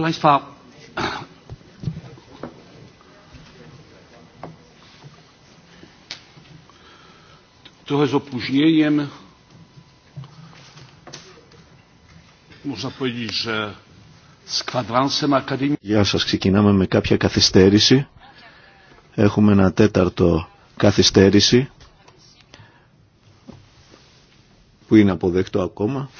Vielleicht war trochę z opóźnieniem. Można powiedzieć, że z kwadransem akademii. Γεια σας, ξεκινάμε με κάποια καθυστέρηση. Έχουμε ένα τέταρτο καθυστέρηση που είναι αποδεκτό ακόμα.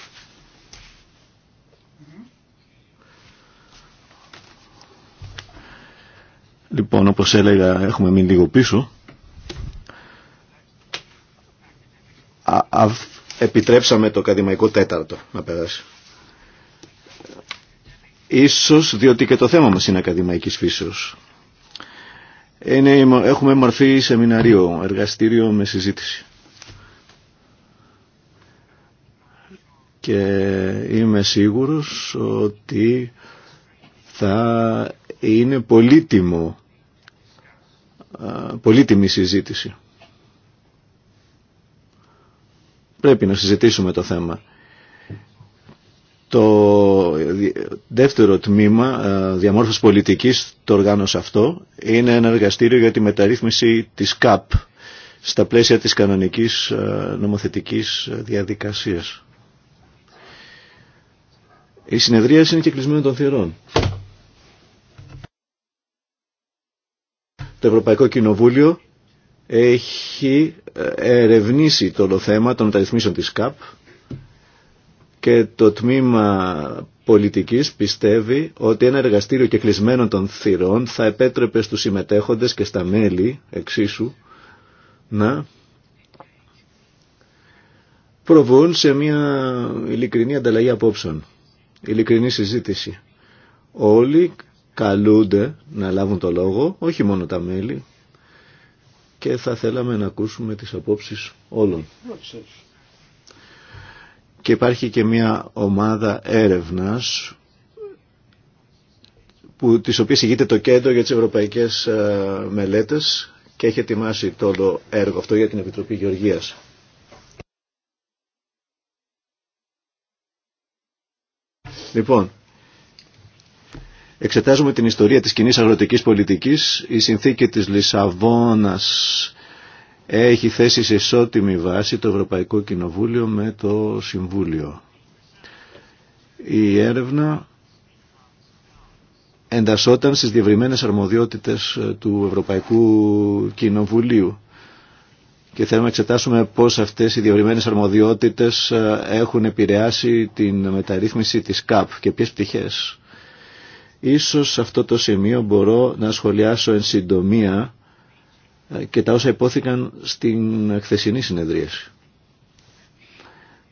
Λοιπόν, όπως έλεγα, έχουμε μείνει λίγο πίσω. επιτρέψαμε το ακαδημαϊκό τέταρτο να περάσει. Ίσως διότι και το θέμα μας είναι ακαδημαϊκής φύσεως. Είναι, έχουμε μορφή σεμιναρίο εργαστήριο με συζήτηση. Και είμαι σίγουρος ότι θα είναι πολύτιμο πολύτιμη συζήτηση. Πρέπει να συζητήσουμε το θέμα. Το δεύτερο τμήμα διαμόρφωσης πολιτικής, το οργάνωσε αυτό, είναι ένα εργαστήριο για τη μεταρρύθμιση της ΚΑΠ στα πλαίσια της κανονικής νομοθετικής διαδικασίας. Η συνεδρίαση είναι και των θυρών. Το Ευρωπαϊκό Κοινοβούλιο έχει ε, ερευνήσει το θέμα των μεταρρυθμίσεων της ΚΑΠ και το τμήμα πολιτικής πιστεύει ότι ένα εργαστήριο και κλεισμένο των θυρών θα επέτρεπε στους συμμετέχοντες και στα μέλη εξίσου να προβούν σε μια ειλικρινή ανταλλαγή απόψεων, ειλικρινή συζήτηση. Όλοι καλούνται να λάβουν το λόγο, όχι μόνο τα μέλη, και θα θέλαμε να ακούσουμε τις απόψεις όλων. Και υπάρχει και μια ομάδα έρευνας που, της οποίας ηγείται το κέντρο για τις ευρωπαϊκές ε, μελέτες και έχει ετοιμάσει το έργο αυτό για την Επιτροπή Γεωργίας. Λοιπόν, Εξετάζουμε την ιστορία της κοινή αγροτικής πολιτικής. Η συνθήκη της Λισαβόνας έχει θέσει σε ισότιμη βάση το Ευρωπαϊκό Κοινοβούλιο με το Συμβούλιο. Η έρευνα εντασσόταν στις διευρυμένες αρμοδιότητες του Ευρωπαϊκού Κοινοβουλίου και θέλουμε να εξετάσουμε πώς αυτές οι διευρυμένες αρμοδιότητες έχουν επηρεάσει την μεταρρύθμιση της ΚΑΠ και ποιες πτυχές. Ίσως σε αυτό το σημείο μπορώ να σχολιάσω εν συντομία ε, και τα όσα υπόθηκαν στην χθεσινή συνεδρίαση.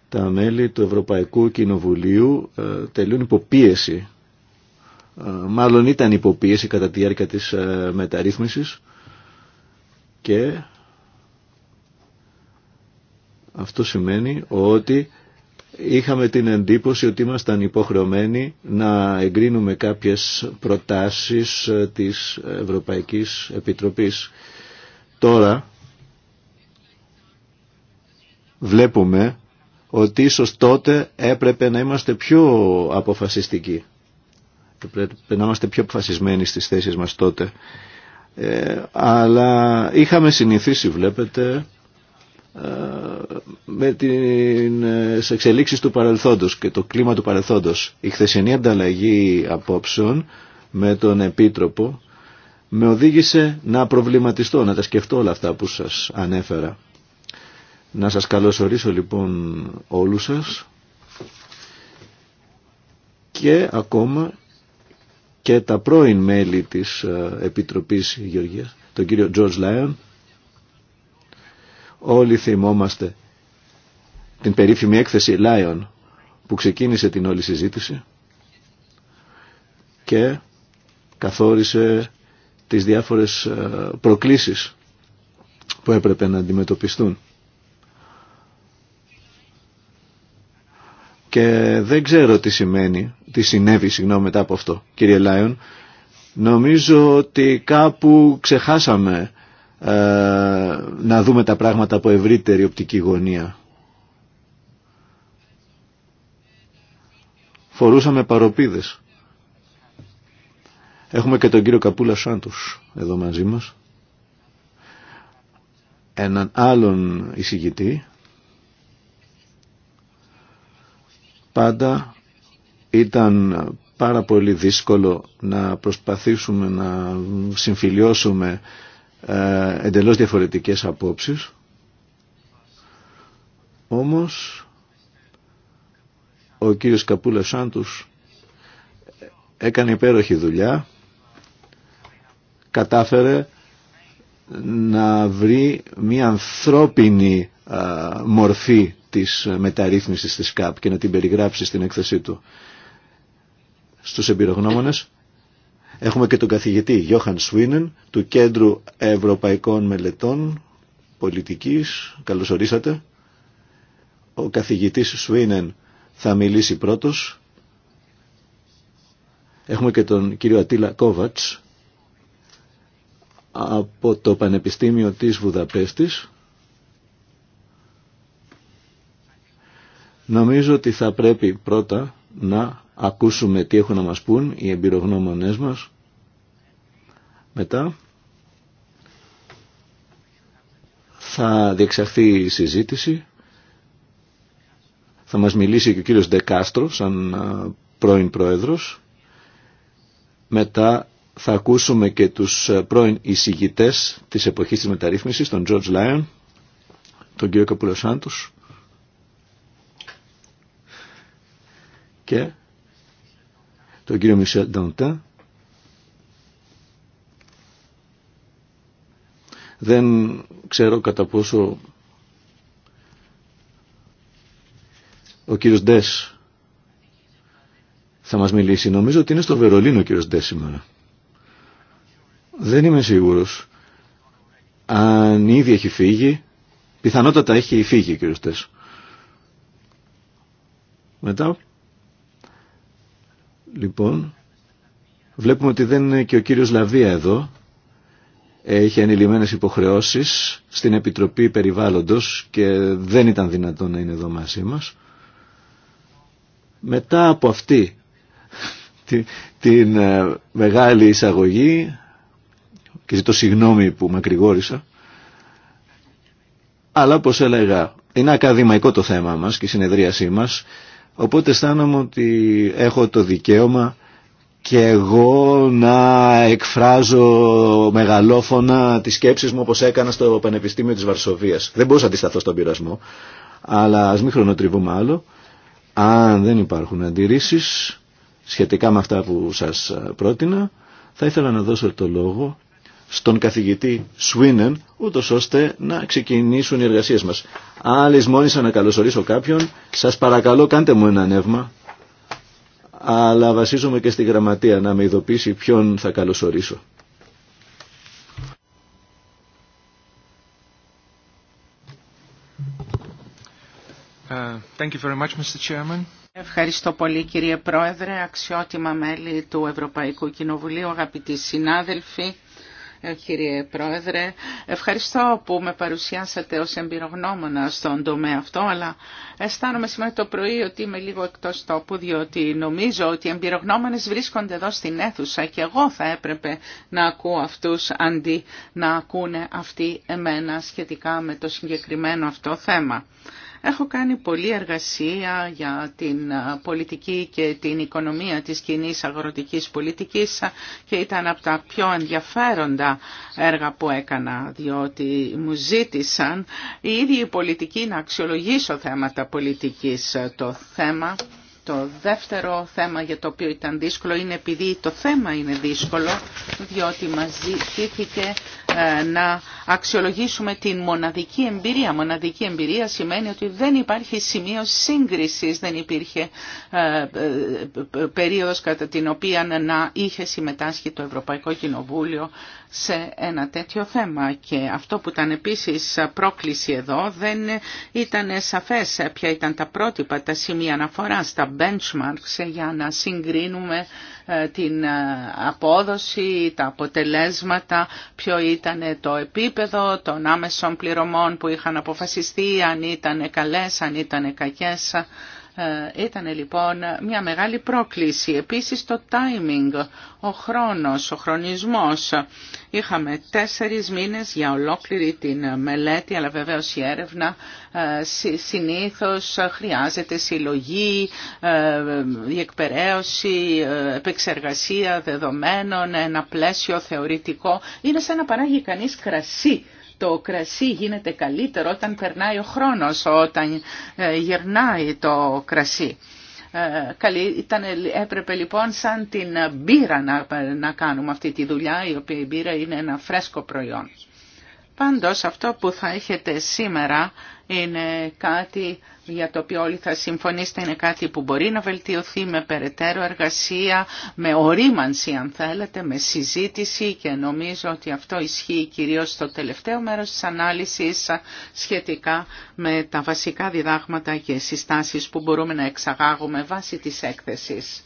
Τα μέλη του Ευρωπαϊκού Κοινοβουλίου ε, τελειούν υποπίεση. Ε, μάλλον ήταν υποπίεση κατά τη διάρκεια της μεταρρύθμισης και αυτό σημαίνει ότι είχαμε την εντύπωση ότι ήμασταν υποχρεωμένοι να εγκρίνουμε κάποιες προτάσεις ε, της Ευρωπαϊκής Επιτροπής. Τώρα βλέπουμε ότι ίσως τότε έπρεπε να είμαστε πιο αποφασιστικοί. πρέπει να είμαστε πιο αποφασισμένοι στις θέσεις μας τότε. Ε, αλλά είχαμε συνηθίσει, βλέπετε, ε, με τις ε, εξελίξεις του παρελθόντος και το κλίμα του παρελθόντος. Η χθεσινή ανταλλαγή απόψεων με τον Επίτροπο με οδήγησε να προβληματιστώ, να τα σκεφτώ όλα αυτά που σας ανέφερα. Να σας καλωσορίσω λοιπόν όλους σας και ακόμα και τα πρώην μέλη της ε, Επιτροπής Γεωργίας, τον κύριο George Lyon, Όλοι θυμόμαστε την περίφημη έκθεση Λάιον που ξεκίνησε την όλη συζήτηση και καθόρισε τις διάφορες ε, προκλήσεις που έπρεπε να αντιμετωπιστούν. Και δεν ξέρω τι σημαίνει, τι συνέβη συγγνώμη μετά από αυτό, κύριε Λάιον. Νομίζω ότι κάπου ξεχάσαμε ε, να δούμε τα πράγματα από ευρύτερη οπτική γωνία. Φορούσαμε παροπίδες. Έχουμε και τον κύριο Καπούλα Σάντους εδώ μαζί μας. Έναν άλλον εισηγητή. Πάντα ήταν πάρα πολύ δύσκολο να προσπαθήσουμε να συμφιλιώσουμε ε, εντελώς διαφορετικές απόψεις όμως ο κύριος Καπούλα Σάντους έκανε υπέροχη δουλειά κατάφερε να βρει μια ανθρώπινη ε, μορφή της μεταρρύθμισης της ΚΑΠ και να την περιγράψει στην έκθεσή του στους εμπειρογνώμονες Έχουμε και τον καθηγητή Γιώχαν Σουίνεν του Κέντρου Ευρωπαϊκών Μελετών Πολιτικής. Καλώς ορίσατε. Ο καθηγητής Σουίνεν θα μιλήσει πρώτος. Έχουμε και τον κύριο Ατίλα Κόβατς από το Πανεπιστήμιο της Βουδαπέστης. Νομίζω ότι θα πρέπει πρώτα να ακούσουμε τι έχουν να μας πούν οι εμπειρογνώμονές μας. Μετά θα διεξαχθεί η συζήτηση. Θα μας μιλήσει και ο κύριος Ντεκάστρο σαν πρώην πρόεδρος. Μετά θα ακούσουμε και τους πρώην εισηγητές της εποχής της μεταρρύθμισης, τον George Lyon, τον κύριο Καπουλοσάντους και τον κύριο Μισελ Νταντά. Δεν ξέρω κατά πόσο ο κύριος Ντες θα μας μιλήσει. Νομίζω ότι είναι στο Βερολίνο ο κύριος Ντες σήμερα. Δεν είμαι σίγουρος. Αν ήδη έχει φύγει, πιθανότατα έχει φύγει ο κύριος Ντες. Μετά Λοιπόν, βλέπουμε ότι δεν είναι και ο κύριος Λαβία εδώ. Έχει ανηλυμένες υποχρεώσεις στην Επιτροπή Περιβάλλοντος και δεν ήταν δυνατόν να είναι εδώ μαζί μας. Μετά από αυτή την, ε, μεγάλη εισαγωγή και ζητώ συγγνώμη που με μακριγόρησα αλλά όπως έλεγα είναι ακαδημαϊκό το θέμα μας και η συνεδρίασή μας Οπότε αισθάνομαι ότι έχω το δικαίωμα και εγώ να εκφράζω μεγαλόφωνα τις σκέψεις μου όπως έκανα στο Πανεπιστήμιο της Βαρσοβίας. Δεν μπορούσα να αντισταθώ στον πειρασμό, αλλά ας μην χρονοτριβούμε άλλο. Αν δεν υπάρχουν αντιρρήσεις σχετικά με αυτά που σας πρότεινα, θα ήθελα να δώσω το λόγο στον καθηγητή Σουίνεν, ούτω ώστε να ξεκινήσουν οι εργασίες μας. Άλλη μόνησαν να καλωσορίσω κάποιον, σας παρακαλώ κάντε μου ένα ανέβημα, αλλά βασίζομαι και στη γραμματεία να με ειδοποιήσει ποιον θα καλωσορίσω. Ε, thank you very much, Mr. Chairman. Ευχαριστώ πολύ κύριε Πρόεδρε, αξιότιμα μέλη του Ευρωπαϊκού Κοινοβουλίου, αγαπητοί συνάδελφοι. Ε, κύριε Πρόεδρε. Ευχαριστώ που με παρουσιάσατε ως εμπειρογνώμονα στον τομέα αυτό, αλλά αισθάνομαι σήμερα το πρωί ότι είμαι λίγο εκτός τόπου, διότι νομίζω ότι οι εμπειρογνώμονες βρίσκονται εδώ στην αίθουσα και εγώ θα έπρεπε να ακούω αυτούς αντί να ακούνε αυτοί εμένα σχετικά με το συγκεκριμένο αυτό θέμα. Έχω κάνει πολλή εργασία για την πολιτική και την οικονομία της κοινή αγροτικής πολιτικής και ήταν από τα πιο ενδιαφέροντα έργα που έκανα, διότι μου ζήτησαν οι ίδιοι πολιτικοί να αξιολογήσω θέματα πολιτικής το θέμα το δεύτερο θέμα για το οποίο ήταν δύσκολο είναι επειδή το θέμα είναι δύσκολο, διότι μας ζητήθηκε ε, να αξιολογήσουμε την μοναδική εμπειρία. Μοναδική εμπειρία σημαίνει ότι δεν υπάρχει σημείο σύγκρισης, δεν υπήρχε ε, ε, περίοδος κατά την οποία να είχε συμμετάσχει το Ευρωπαϊκό Κοινοβούλιο σε ένα τέτοιο θέμα και αυτό που ήταν επίσης πρόκληση εδώ δεν ήταν σαφές ποια ήταν τα πρότυπα, τα σημεία αναφορά, τα benchmarks για να συγκρίνουμε ε, την ε, απόδοση, τα αποτελέσματα, ποιο ήταν το επίπεδο των άμεσων πληρωμών που είχαν αποφασιστεί, αν ήταν καλές, αν ήταν κακές ε, ήταν λοιπόν μια μεγάλη πρόκληση. Επίσης το timing, ο χρόνος, ο χρονισμός. Είχαμε τέσσερις μήνες για ολόκληρη την μελέτη, αλλά βεβαίως η έρευνα ε, συνήθως χρειάζεται συλλογή, διεκπαιρέωση, ε, επεξεργασία δεδομένων, ένα πλαίσιο θεωρητικό. Είναι σαν να παράγει κανείς κρασί το κρασί γίνεται καλύτερο όταν περνάει ο χρόνος, όταν ε, γυρνάει το κρασί. Ε, ήταν, έπρεπε λοιπόν σαν την μπύρα να, να κάνουμε αυτή τη δουλειά, η οποία η μπύρα είναι ένα φρέσκο προϊόν. Πάντως αυτό που θα έχετε σήμερα είναι κάτι για το οποίο όλοι θα συμφωνήσετε είναι κάτι που μπορεί να βελτιωθεί με περαιτέρω εργασία, με ορίμανση αν θέλετε, με συζήτηση και νομίζω ότι αυτό ισχύει κυρίως στο τελευταίο μέρος της ανάλυσης σχετικά με τα βασικά διδάγματα και συστάσεις που μπορούμε να εξαγάγουμε βάσει της έκθεσης.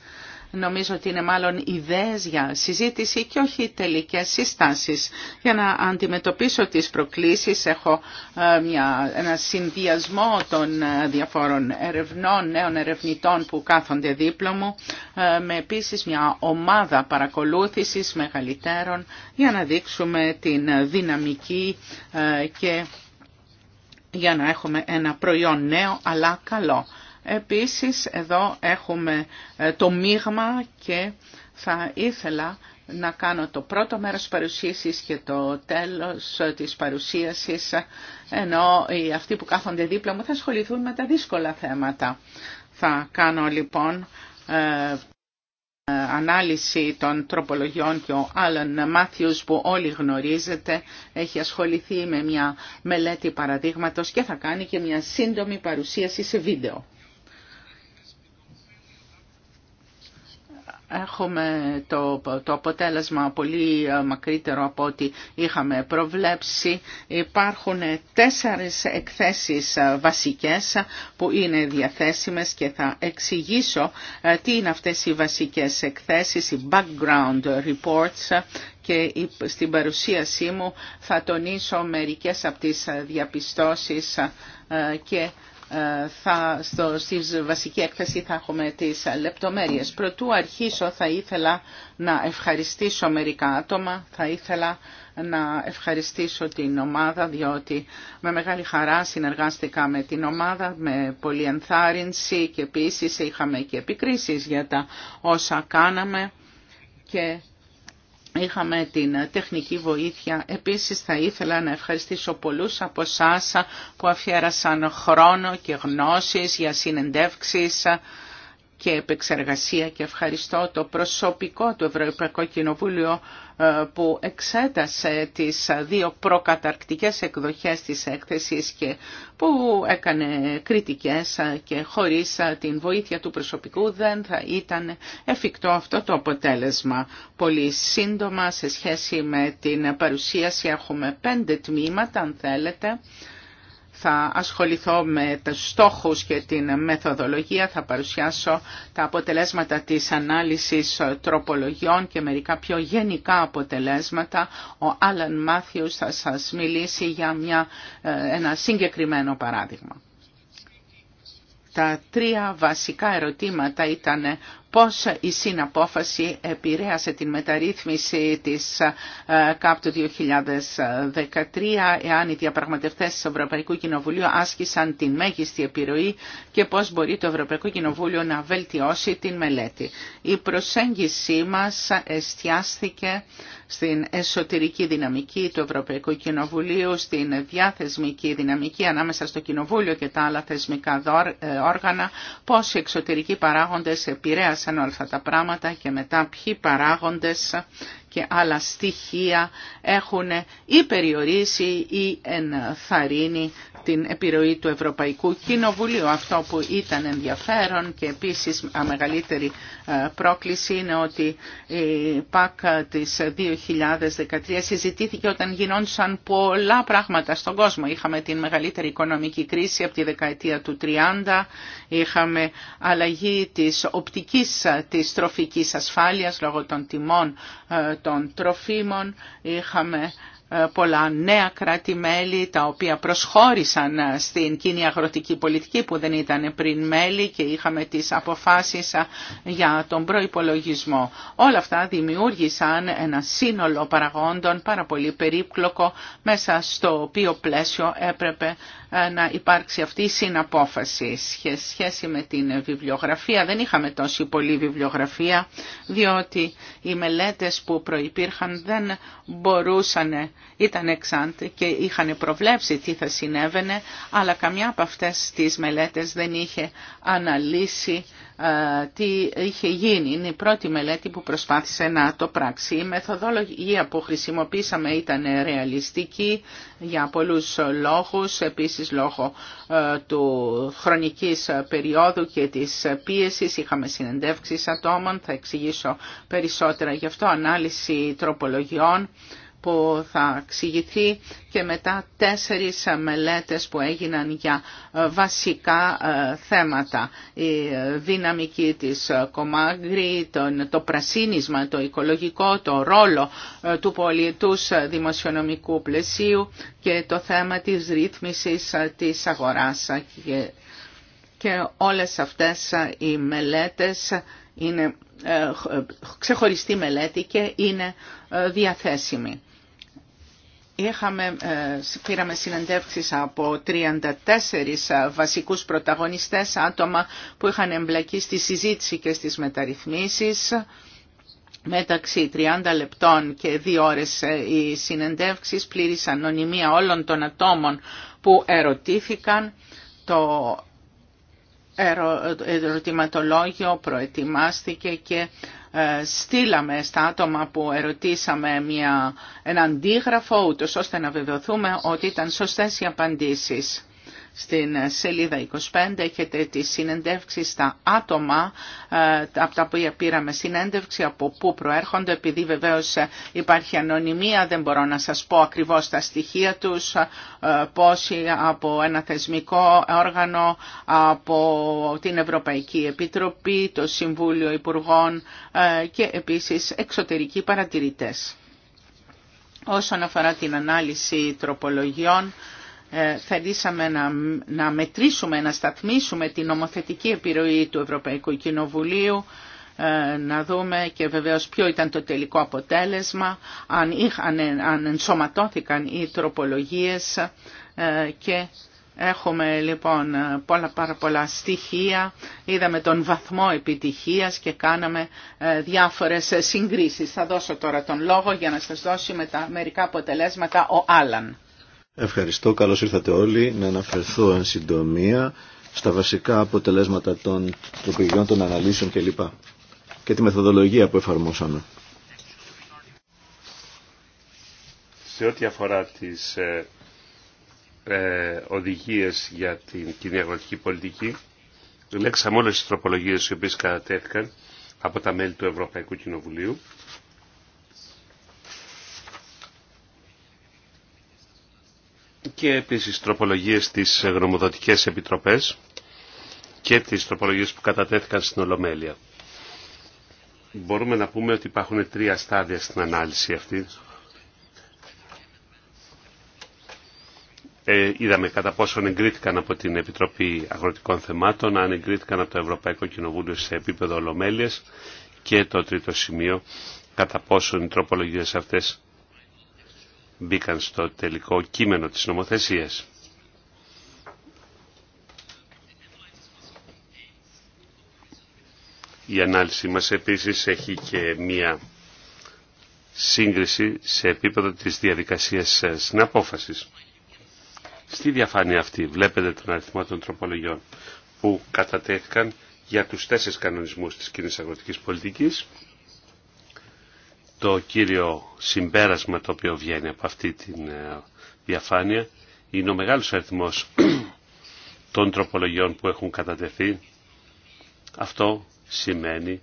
Νομίζω ότι είναι μάλλον ιδέες για συζήτηση και όχι τελικές συστάσεις. Για να αντιμετωπίσω τις προκλήσεις έχω ε, μια, ένα συνδυασμό των ε, διαφόρων ερευνών, νέων ερευνητών που κάθονται δίπλα μου, ε, με επίσης μια ομάδα παρακολούθησης μεγαλύτερων για να δείξουμε την δυναμική και για να έχουμε ένα προϊόν νέο αλλά καλό. Επίσης εδώ έχουμε ε, το μείγμα και θα ήθελα να κάνω το πρώτο μέρος παρουσίασης και το τέλος ε, της παρουσίασης, ε, ενώ οι αυτοί που κάθονται δίπλα μου θα ασχοληθούν με τα δύσκολα θέματα. Θα κάνω λοιπόν ανάλυση των τροπολογιών και ο Άλαν Μάθιους που όλοι γνωρίζετε έχει ασχοληθεί με μια μελέτη παραδείγματος και θα κάνει και μια σύντομη παρουσίαση σε βίντεο. Έχουμε το, το αποτέλεσμα πολύ ε, μακρύτερο από ό,τι είχαμε προβλέψει. Υπάρχουν τέσσερις εκθέσεις ε, βασικές που είναι διαθέσιμες και θα εξηγήσω ε, τι είναι αυτές οι βασικές εκθέσεις, οι background reports και στην παρουσίασή μου θα τονίσω μερικές από τις διαπιστώσεις και θα, στο, στη βασική έκθεση θα έχουμε τις λεπτομέρειες. Πρωτού αρχίσω θα ήθελα να ευχαριστήσω μερικά άτομα, θα ήθελα να ευχαριστήσω την ομάδα διότι με μεγάλη χαρά συνεργάστηκα με την ομάδα με πολλή ενθάρρυνση και επίσης είχαμε και επικρίσεις για τα όσα κάναμε και Είχαμε την τεχνική βοήθεια. Επίσης θα ήθελα να ευχαριστήσω πολλούς από εσά που αφιέρασαν χρόνο και γνώσεις για συνεντεύξεις και επεξεργασία και ευχαριστώ το προσωπικό του Ευρωπαϊκού Κοινοβούλιο ε, που εξέτασε τις δύο προκαταρκτικές εκδοχές της έκθεσης και που έκανε κριτικές και χωρίς την βοήθεια του προσωπικού δεν θα ήταν εφικτό αυτό το αποτέλεσμα. Πολύ σύντομα σε σχέση με την παρουσίαση έχουμε πέντε τμήματα αν θέλετε θα ασχοληθώ με τους στόχους και την μεθοδολογία, θα παρουσιάσω τα αποτελέσματα της ανάλυσης τροπολογιών και μερικά πιο γενικά αποτελέσματα. Ο Άλαν Μάθιους θα σας μιλήσει για μια, ε, ένα συγκεκριμένο παράδειγμα. Τα τρία βασικά ερωτήματα ήταν πώς η συναπόφαση επηρέασε την μεταρρύθμιση της ε, ΚΑΠ του 2013, εάν οι διαπραγματευτές του Ευρωπαϊκού Κοινοβουλίου άσκησαν την μέγιστη επιρροή και πώς μπορεί το Ευρωπαϊκό Κοινοβούλιο να βελτιώσει την μελέτη. Η προσέγγιση μας εστιάστηκε στην εσωτερική δυναμική του Ευρωπαϊκού Κοινοβουλίου, στην διαθεσμική δυναμική ανάμεσα στο Κοινοβούλιο και τα άλλα θεσμικά ε, όργανα, πώς οι εξωτερικοί παράγοντες επηρέασαν όλα αυτά τα πράγματα και μετά ποιοι παράγοντες και άλλα στοιχεία έχουν ή περιορίσει ή ενθαρρύνει την επιρροή του Ευρωπαϊκού Κοινοβουλίου. Αυτό που ήταν ενδιαφέρον και επίσης η μεγαλύτερη ε, πρόκληση ηταν ενδιαφερον και επισης αμεγαλύτερη ότι η ΠΑΚ της 2013 συζητήθηκε όταν γινόντουσαν πολλά πράγματα στον κόσμο. Είχαμε την μεγαλύτερη οικονομική κρίση από τη δεκαετία του 30, είχαμε αλλαγή της οπτικής ε, της τροφικής ασφάλειας λόγω των τιμών ε, των τροφίμων, είχαμε ε, πολλά νέα κράτη-μέλη τα οποία προσχώρησαν ε, στην κοινή αγροτική πολιτική που δεν ήταν πριν μέλη και είχαμε τις αποφάσεις ε, για τον προϋπολογισμό. Όλα αυτά δημιούργησαν ένα σύνολο παραγόντων πάρα πολύ περίπλοκο μέσα στο οποίο πλαίσιο έπρεπε να υπάρξει αυτή η συναπόφαση. σχέση με την βιβλιογραφία δεν είχαμε τόση πολλή βιβλιογραφία διότι οι μελέτες που προϋπήρχαν δεν μπορούσαν ήταν εξάντ και είχαν προβλέψει τι θα συνέβαινε, αλλά καμιά από αυτές τις μελέτες δεν είχε αναλύσει ε, τι είχε γίνει. Είναι η πρώτη μελέτη που προσπάθησε να το πράξει. Η μεθοδολογία που χρησιμοποίησαμε ήταν ρεαλιστική για πολλούς λόγους, επίσης λόγω ε, του χρονικής περίοδου και της πίεσης. Είχαμε συνεντεύξεις ατόμων, θα εξηγήσω περισσότερα γι' αυτό, ανάλυση τροπολογιών που θα εξηγηθεί και μετά τέσσερις μελέτες που έγιναν για ε, βασικά ε, θέματα. Η ε, δυναμική της Κομάγκρη, το πρασίνισμα, το οικολογικό, το ρόλο του πολιτούς δημοσιονομικού πλαισίου και το θέμα της ρύθμισης της αγοράς. Και όλες αυτές οι μελέτες είναι ξεχωριστή μελέτη και είναι διαθέσιμη. Είχαμε, ε, πήραμε συνεντεύξεις από 34 ε, βασικούς πρωταγωνιστές, άτομα που είχαν εμπλακεί στη συζήτηση και στις μεταρρυθμίσεις. Μεταξύ 30 λεπτών και 2 ώρες ε, οι συνεντεύξεις πλήρης ανωνυμία όλων των ατόμων που ερωτήθηκαν. Το ερωτηματολόγιο προετοιμάστηκε και ε, στείλαμε στα άτομα που ερωτήσαμε μια, ένα αντίγραφο, ούτως ώστε να βεβαιωθούμε ότι ήταν σωστές οι απαντήσεις. Στην σελίδα 25 έχετε τις συνεντεύξη στα άτομα από τα οποία πήραμε συνέντευξη, από πού προέρχονται, επειδή βεβαίως ε, υπάρχει ανωνυμία, δεν μπορώ να σας πω ακριβώς τα στοιχεία τους, ε, πόσοι από ένα θεσμικό όργανο, από την Ευρωπαϊκή Επιτροπή, το Συμβούλιο Υπουργών ε, και επίσης εξωτερικοί παρατηρητές. Όσον αφορά την ανάλυση τροπολογιών, ε, θελήσαμε να, μετρήσουμε, να σταθμίσουμε την νομοθετική επιρροή του Ευρωπαϊκού Κοινοβουλίου ε, να δούμε και βεβαίως ποιο ήταν το τελικό αποτέλεσμα, αν, είχαν, ενσωματώθηκαν οι τροπολογίες ε, και έχουμε λοιπόν πολλά, πάρα πολλά στοιχεία, είδαμε τον βαθμό επιτυχίας και κάναμε διάφορες συγκρίσεις. Θα δώσω τώρα τον λόγο για να σας δώσει μερικά αποτελέσματα ο Άλαν. Ευχαριστώ, καλώς ήρθατε όλοι. Να αναφερθώ εν συντομία στα βασικά αποτελέσματα των τροπηγιών, των αναλύσεων κλπ. Και τη μεθοδολογία που εφαρμόσαμε. Σε ό,τι αφορά τις ε, ε οδηγίες για την κοινή πολιτική, λέξαμε όλες τις τροπολογίες οι οποίες κατατέθηκαν από τα μέλη του Ευρωπαϊκού Κοινοβουλίου και επίσης τροπολογίες στις γνωμοδοτικές επιτροπές και τις τροπολογίες που κατατέθηκαν στην Ολομέλεια. Μπορούμε να πούμε ότι υπάρχουν τρία στάδια στην ανάλυση αυτή. Ε, είδαμε κατά πόσο εγκρίθηκαν από την Επιτροπή Αγροτικών Θεμάτων, αν εγκρίθηκαν από το Ευρωπαϊκό Κοινοβούλιο σε επίπεδο Ολομέλειας και το τρίτο σημείο κατά πόσο οι τροπολογίες αυτές μπήκαν στο τελικό κείμενο της νομοθεσίας. Η ανάλυση μας επίσης έχει και μία σύγκριση σε επίπεδο της διαδικασίας συναπόφασης. Στη διαφάνεια αυτή βλέπετε τον αριθμό των τροπολογιών που κατατέθηκαν για τους τέσσερις κανονισμούς της κοινή αγροτικής πολιτικής το κύριο συμπέρασμα το οποίο βγαίνει από αυτή τη ε, διαφάνεια είναι ο μεγάλος αριθμός των τροπολογιών που έχουν κατατεθεί. Αυτό σημαίνει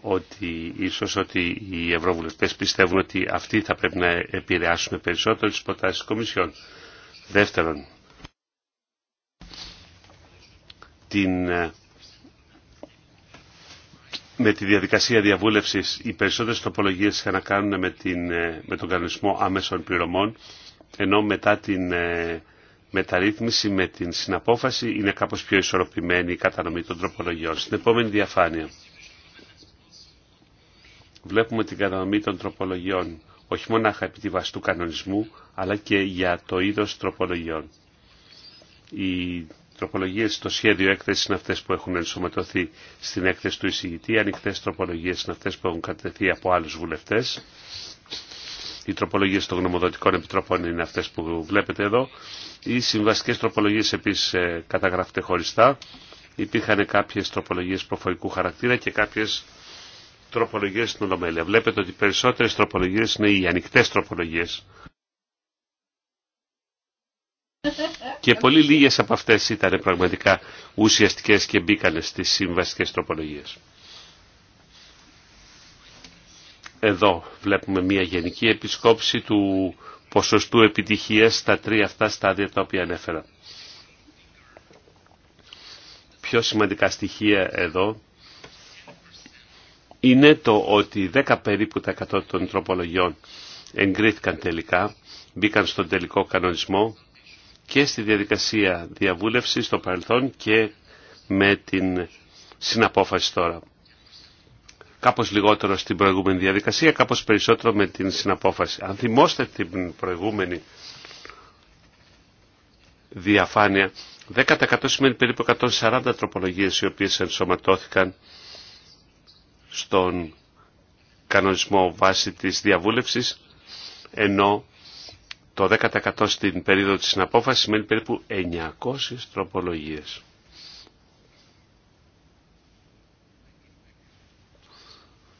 ότι ίσως ότι οι ευρωβουλευτές πιστεύουν ότι αυτοί θα πρέπει να επηρεάσουν περισσότερο τις προτάσεις της Κομισιόν. Δεύτερον, την ε, με τη διαδικασία διαβούλευσης οι περισσότερες τοπολογίες είχαν να κάνουν με, την, ε, με τον κανονισμό άμεσων πληρωμών ενώ μετά την ε, μεταρρύθμιση με την συναπόφαση είναι κάπως πιο ισορροπημένη η κατανομή των τροπολογιών. Στην επόμενη διαφάνεια βλέπουμε την κατανομή των τροπολογιών όχι μονάχα επί τη βαστού κανονισμού αλλά και για το είδος τροπολογιών. Η τροπολογίες στο σχέδιο έκθεση είναι αυτές που έχουν ενσωματωθεί στην έκθεση του εισηγητή, οι ανοιχτές τροπολογίες είναι αυτές που έχουν κατεθεί από άλλους βουλευτές. Οι τροπολογίε των γνωμοδοτικών επιτροπών είναι αυτέ που βλέπετε εδώ. Οι συμβαστικέ τροπολογίε επίση ε, καταγράφονται χωριστά. Υπήρχαν κάποιε τροπολογίε προφορικού χαρακτήρα και κάποιε τροπολογίε στην Ολομέλεια. Βλέπετε ότι περισσότερες περισσότερε τροπολογίε είναι οι ανοιχτέ τροπολογίε. Και πολύ λίγες από αυτές ήταν πραγματικά ουσιαστικές και μπήκανε στις συμβαστικές τροπολογίες. Εδώ βλέπουμε μια γενική επισκόψη του ποσοστού επιτυχίας στα τρία αυτά στάδια τα οποία ανέφερα. Πιο σημαντικά στοιχεία εδώ είναι το ότι 10 περίπου τα 100 των τροπολογιών εγκρίθηκαν τελικά, μπήκαν στον τελικό κανονισμό και στη διαδικασία διαβούλευση στο παρελθόν και με την συναπόφαση τώρα. Κάπως λιγότερο στην προηγούμενη διαδικασία, κάπως περισσότερο με την συναπόφαση. Αν θυμόστε την προηγούμενη διαφάνεια, 10% σημαίνει περίπου 140 τροπολογίες οι οποίες ενσωματώθηκαν στον κανονισμό βάση της διαβούλευσης, ενώ το 10% στην περίοδο της συναπόφασης σημαίνει περίπου 900 τροπολογίες.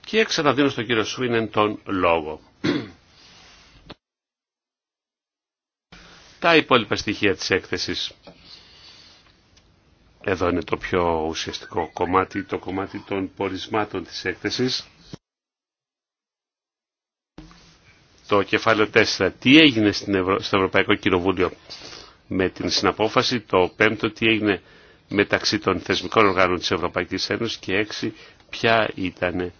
Και ξαναδίνω στον κύριο Σουίνεν τον λόγο. Τα υπόλοιπα στοιχεία της έκθεσης. Εδώ είναι το πιο ουσιαστικό κομμάτι, το κομμάτι των πορισμάτων της έκθεσης. το κεφάλαιο 4. Τι έγινε στην στο Ευρωπαϊκό Κοινοβούλιο με την συναπόφαση. Το πέμπτο τι έγινε μεταξύ των θεσμικών οργάνων της Ευρωπαϊκής Ένωσης και 6. ποια ήταν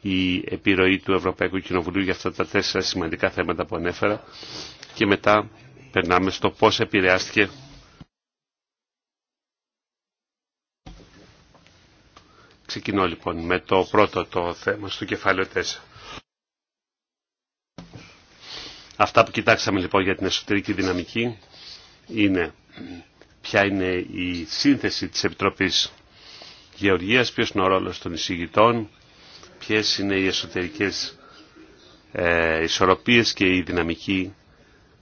η επιρροή του Ευρωπαϊκού Κοινοβουλίου για αυτά τα τέσσερα σημαντικά θέματα που ανέφερα και μετά περνάμε στο πώς επηρεάστηκε Ξεκινώ λοιπόν με το πρώτο το θέμα στο κεφάλαιο 4. Αυτά που κοιτάξαμε λοιπόν για την εσωτερική δυναμική είναι ποια είναι η σύνθεση της Επιτροπής Γεωργίας, ποιος είναι ο ρόλος των εισηγητών, ποιες είναι οι εσωτερικές ε, ισορροπίες και η δυναμική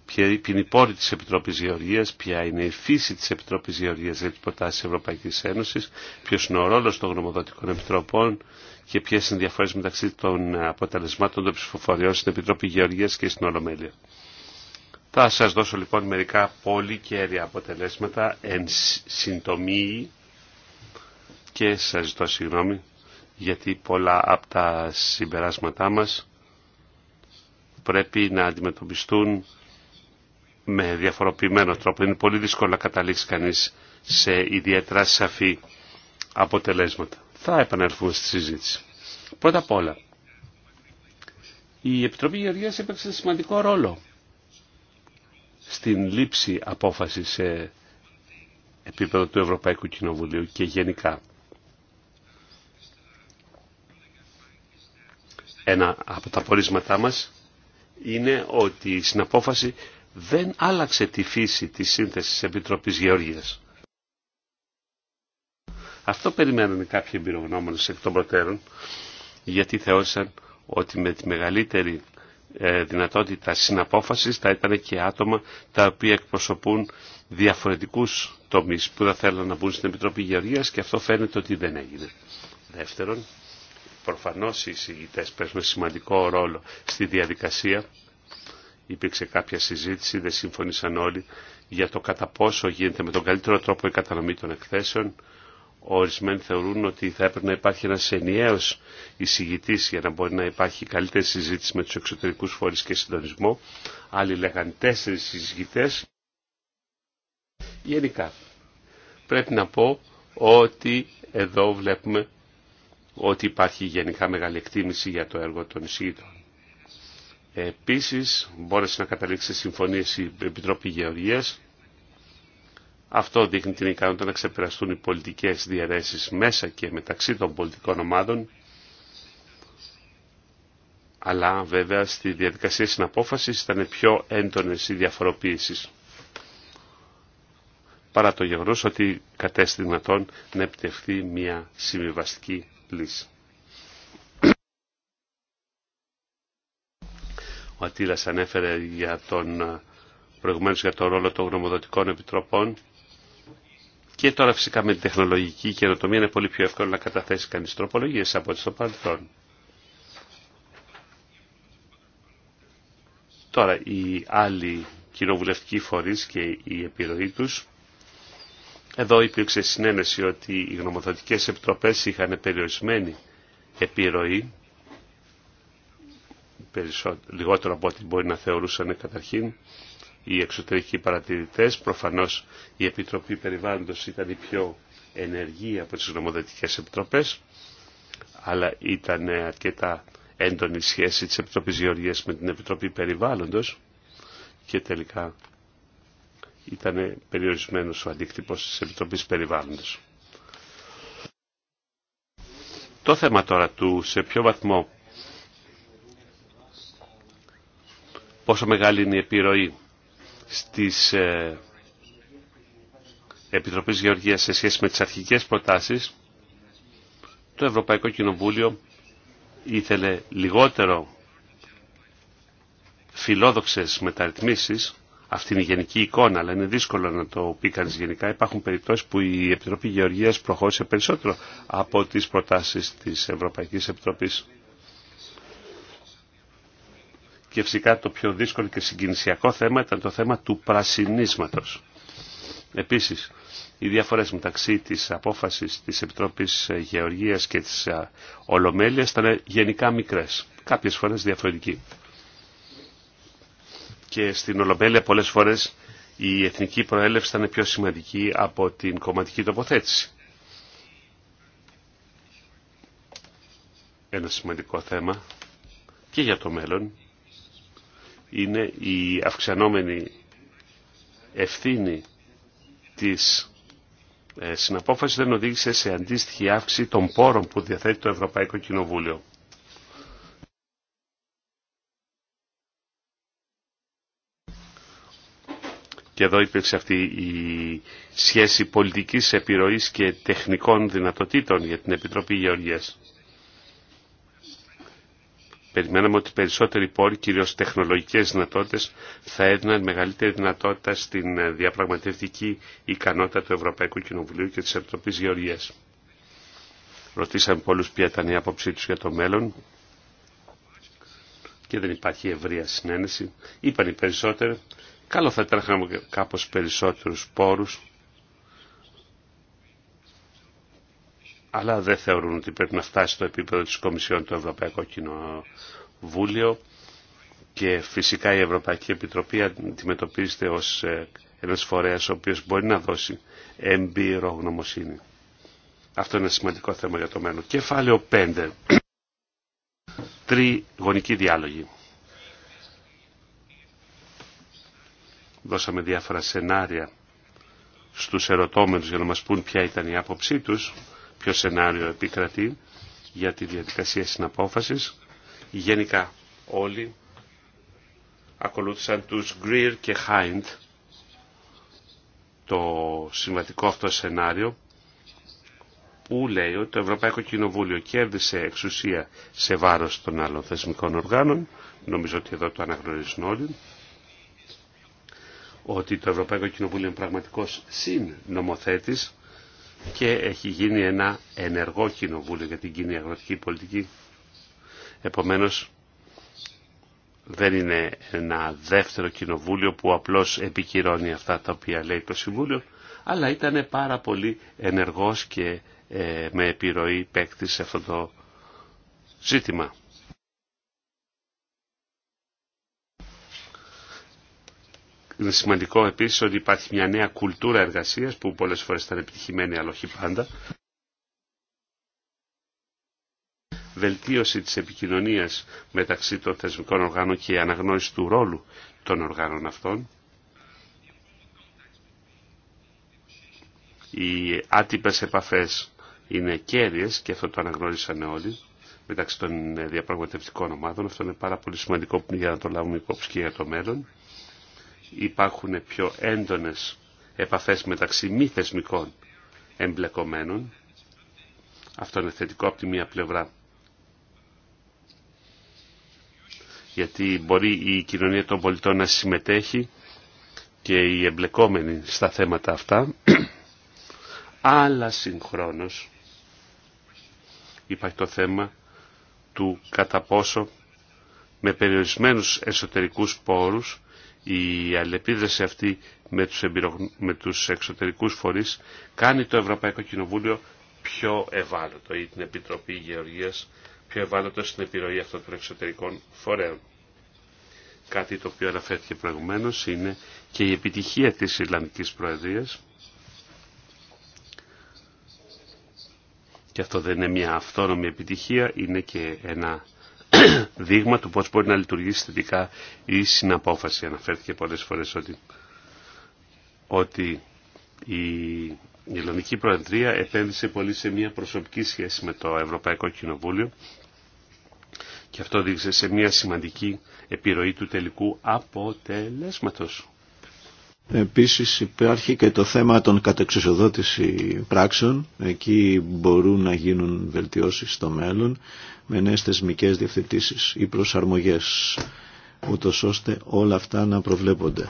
ποια είναι η πόρη της Επιτροπής Γεωργίας, ποια είναι η φύση της Επιτροπής Γεωργίας για τις προτάσεις της Ευρωπαϊκής Ένωσης, ποιος είναι ο ρόλος των γνωμοδοτικών επιτροπών και ποιες είναι οι διαφορές μεταξύ των αποτελεσμάτων των ψηφοφοριών στην Επιτροπή Γεωργίας και στην Ολομέλεια. Θα σας δώσω λοιπόν μερικά πολύ κέρια αποτελέσματα εν συντομή και σας ζητώ συγγνώμη γιατί πολλά από τα συμπεράσματά μας πρέπει να αντιμετωπιστούν με διαφοροποιημένο τρόπο. Είναι πολύ δύσκολο να καταλήξει κανείς σε ιδιαίτερα σαφή αποτελέσματα. Θα επανέλθουμε στη συζήτηση. Πρώτα απ' όλα, η Επιτροπή Γεωργίας έπαιξε σημαντικό ρόλο στην λήψη απόφαση σε επίπεδο του Ευρωπαϊκού Κοινοβουλίου και γενικά. Ένα από τα πορίσματά μας είναι ότι στην απόφαση δεν άλλαξε τη φύση της σύνθεσης Επιτροπής Γεωργίας. Αυτό περιμένουν κάποιοι εμπειρογνώμονες εκ των προτέρων, γιατί θεώρησαν ότι με τη μεγαλύτερη ε, δυνατότητα συναπόφασης θα ήταν και άτομα τα οποία εκπροσωπούν διαφορετικούς τομείς που θα θέλουν να μπουν στην Επιτροπή Γεωργίας και αυτό φαίνεται ότι δεν έγινε. Δεύτερον, προφανώς οι συγητές παίζουν σημαντικό ρόλο στη διαδικασία υπήρξε κάποια συζήτηση, δεν συμφωνήσαν όλοι για το κατά πόσο γίνεται με τον καλύτερο τρόπο η κατανομή των εκθέσεων. Ορισμένοι θεωρούν ότι θα έπρεπε να υπάρχει ένας ενιαίος εισηγητής για να μπορεί να υπάρχει καλύτερη συζήτηση με τους εξωτερικούς φορείς και συντονισμό. Άλλοι λέγαν τέσσερις εισηγητές. Γενικά, πρέπει να πω ότι εδώ βλέπουμε ότι υπάρχει γενικά μεγάλη εκτίμηση για το έργο των εισηγητών. Επίσης μπόρεσε να καταλήξει συμφωνίες η Επιτροπή Γεωργίας. Αυτό δείχνει την ικανότητα να ξεπεραστούν οι πολιτικές διαιρέσεις μέσα και μεταξύ των πολιτικών ομάδων. Αλλά βέβαια στη διαδικασία συναπόφασης ήταν πιο έντονες οι διαφοροποίησεις. Παρά το γεγονός ότι κατέστη δυνατόν να επιτευχθεί μια συμβιβαστική λύση. Ματήρα ανέφερε για τον, ε, προηγουμένως για τον ρόλο των γνωμοδοτικών επιτροπών. Και τώρα φυσικά με την τεχνολογική καινοτομία είναι πολύ πιο εύκολο να καταθέσει κανείς τροπολογίες από ό,τι στο παρελθόν. Τώρα οι άλλοι κοινοβουλευτικοί φορείς και η επιρροή τους. Εδώ υπήρξε συνένεση ότι οι γνωμοδοτικές επιτροπές είχαν περιορισμένη επιρροή λιγότερο από ό,τι μπορεί να θεωρούσαν καταρχήν οι εξωτερικοί παρατηρητές. Προφανώς η Επιτροπή Περιβάλλοντος ήταν η πιο ενεργή από τις επιτροπές, αλλά ήταν αρκετά έντονη η σχέση της Επιτροπής Γεωργίας με την Επιτροπή Περιβάλλοντος και τελικά ήταν περιορισμένος ο αντίκτυπος της Επιτροπής Περιβάλλοντος. Το θέμα τώρα του σε ποιο βαθμό πόσο μεγάλη είναι η επιρροή στις ε, Επιτροπές Γεωργίας σε σχέση με τις αρχικές προτάσεις, το Ευρωπαϊκό Κοινοβούλιο ήθελε λιγότερο φιλόδοξες μεταρρυθμίσεις, αυτή είναι η γενική εικόνα, αλλά είναι δύσκολο να το πει κανείς γενικά. Υπάρχουν περιπτώσεις που η Επιτροπή Γεωργίας προχώρησε περισσότερο από τις προτάσεις της Ευρωπαϊκής Επιτροπής. Και φυσικά το πιο δύσκολο και συγκινησιακό θέμα ήταν το θέμα του πρασινίσματος. Επίσης, οι διαφορές μεταξύ της απόφασης της Επιτροπής Γεωργίας και της Ολομέλειας ήταν γενικά μικρές, κάποιες φορές διαφορετικοί. Και στην Ολομέλεια πολλές φορές η εθνική προέλευση ήταν πιο σημαντική από την κομματική τοποθέτηση. Ένα σημαντικό θέμα και για το μέλλον είναι η αυξανόμενη ευθύνη της ε, συναπόφασης δεν οδήγησε σε αντίστοιχη αύξηση των πόρων που διαθέτει το Ευρωπαϊκό Κοινοβούλιο. Και εδώ υπήρξε αυτή η σχέση πολιτικής επιρροής και τεχνικών δυνατοτήτων για την Επιτροπή Γεωργίας. Περιμέναμε ότι περισσότεροι πόροι, κυρίως τεχνολογικές δυνατότητες, θα έδιναν μεγαλύτερη δυνατότητα στην ε, διαπραγματευτική ικανότητα του Ευρωπαϊκού Κοινοβουλίου και της Ευρωπαϊκής Γεωργίας. Ρωτήσαμε πολλούς ποια ήταν η άποψή τους για το μέλλον και δεν υπάρχει ευρεία συνένεση. Είπαν οι περισσότεροι, καλό θα ήταν να είχαμε κάπως περισσότερους πόρους αλλά δεν θεωρούν ότι πρέπει να φτάσει στο επίπεδο της Κομισιόν το Ευρωπαϊκό Κοινοβούλιο και φυσικά η Ευρωπαϊκή Επιτροπή αντιμετωπίζεται ως ε, ένας φορέας ο οποίος μπορεί να δώσει εμπειρογνωμοσύνη. Αυτό είναι ένα σημαντικό θέμα για το μέλλον. Κεφάλαιο 5. γονικοί διάλογοι. Δώσαμε διάφορα σενάρια στους ερωτώμενους για να μας πούν ποια ήταν η άποψή τους ποιο σενάριο επικρατεί για τη διαδικασία συναπόφασης. Γενικά όλοι ακολούθησαν τους Greer και Hind το συμβατικό αυτό σενάριο που λέει ότι το Ευρωπαϊκό Κοινοβούλιο κέρδισε εξουσία σε βάρος των άλλων θεσμικών οργάνων. Νομίζω ότι εδώ το αναγνωρίζουν όλοι. Ότι το Ευρωπαϊκό Κοινοβούλιο είναι πραγματικός νομοθέτης και έχει γίνει ένα ενεργό κοινοβούλιο για την κοινή αγροτική πολιτική. Επομένως, δεν είναι ένα δεύτερο κοινοβούλιο που απλώς επικυρώνει αυτά τα οποία λέει το Συμβούλιο, αλλά ήταν πάρα πολύ ενεργός και ε, με επιρροή παίκτη σε αυτό το ζήτημα. Είναι σημαντικό επίση ότι υπάρχει μια νέα κουλτούρα εργασίας που πολλέ φορέ ήταν επιτυχημένη αλλά όχι πάντα. Βελτίωση της επικοινωνίας μεταξύ των θεσμικών οργάνων και η αναγνώριση του ρόλου των οργάνων αυτών. Οι άτυπες επαφές είναι κέρδιες και αυτό το αναγνώρισαν όλοι μεταξύ των διαπραγματευτικών ομάδων. Αυτό είναι πάρα πολύ σημαντικό για να το λάβουμε υπόψη και για το μέλλον υπάρχουν πιο έντονες επαφές μεταξύ μη θεσμικών εμπλεκομένων. Αυτό είναι θετικό από τη μία πλευρά. Γιατί μπορεί η κοινωνία των πολιτών να συμμετέχει και οι εμπλεκόμενοι στα θέματα αυτά, αλλά συγχρόνως υπάρχει το θέμα του κατά πόσο με περιορισμένους εσωτερικούς πόρους η αλληλεπίδραση αυτή με τους, με τους εξωτερικούς φορείς κάνει το Ευρωπαϊκό Κοινοβούλιο πιο ευάλωτο ή την Επιτροπή Γεωργίας πιο ευάλωτο στην επιρροή αυτών των εξωτερικών φορέων. Κάτι το οποίο αναφέρθηκε προηγουμένως είναι και η επιτυχία της Ιρλανδικής Προεδρίας και αυτό δεν είναι μια αυτόνομη επιτυχία, είναι και ένα δείγμα του πώς μπορεί να λειτουργήσει θετικά η συναπόφαση. Αναφέρθηκε πολλές φορές ότι, ότι η ελληνική Προεδρία επένδυσε πολύ σε μια προσωπική σχέση με το Ευρωπαϊκό Κοινοβούλιο και αυτό δείξε σε μια σημαντική επιρροή του τελικού αποτελέσματος. Επίσης υπάρχει και το θέμα των κατεξουσιοδότηση πράξεων. Εκεί μπορούν να γίνουν βελτιώσεις στο μέλλον με νέες θεσμικέ διευθετήσεις ή προσαρμογές, ούτως ώστε όλα αυτά να προβλέπονται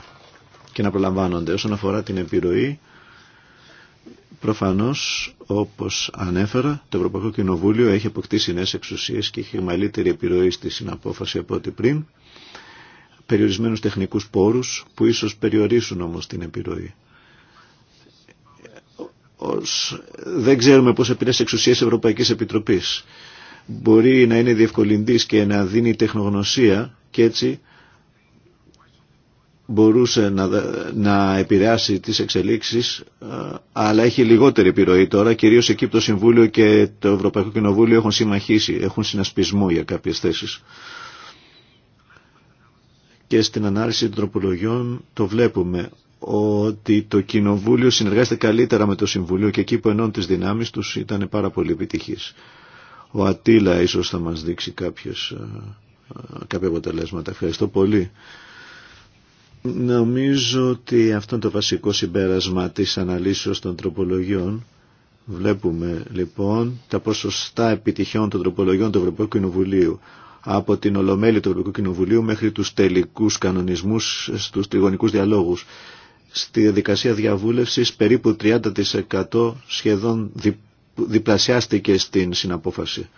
και να προλαμβάνονται. Όσον αφορά την επιρροή, προφανώς όπως ανέφερα, το Ευρωπαϊκό Κοινοβούλιο έχει αποκτήσει νέες εξουσίες και έχει μεγαλύτερη επιρροή στη συναπόφαση από ό,τι πριν περιορισμένους τεχνικούς πόρους που ίσως περιορίσουν όμως την επιρροή. Δεν ξέρουμε πώς επηρέασε εξουσίες Ευρωπαϊκής Επιτροπής. Μπορεί να είναι διευκολυντής και να δίνει τεχνογνωσία και έτσι μπορούσε να, να επηρεάσει τις εξελίξεις αλλά έχει λιγότερη επιρροή τώρα κυρίως εκεί που το Συμβούλιο και το Ευρωπαϊκό Κοινοβούλιο έχουν συμμαχήσει, έχουν συνασπισμό για κάποιες θέσεις και στην ανάλυση των τροπολογιών το βλέπουμε ότι το Κοινοβούλιο συνεργάζεται καλύτερα με το Συμβουλίο και εκεί που ενώνουν τις δυνάμεις τους ήταν πάρα πολύ επιτυχής. Ο Ατήλα ίσως θα μας δείξει κάποιες, ε, ε, κάποια αποτελέσματα. Ευχαριστώ πολύ. Νομίζω ότι αυτό είναι το βασικό συμπέρασμα της αναλύσεως των τροπολογιών. Βλέπουμε λοιπόν τα ποσοστά επιτυχιών των τροπολογιών του Ευρωπαϊκού Κοινοβουλίου από την Ολομέλη του Ευρωπαϊκού Κοινοβουλίου μέχρι τους τελικούς κανονισμούς στους τριγωνικούς διαλόγους. Στη διαδικασία διαβούλευσης περίπου 30% σχεδόν διπλασιάστηκε στην συναπόφαση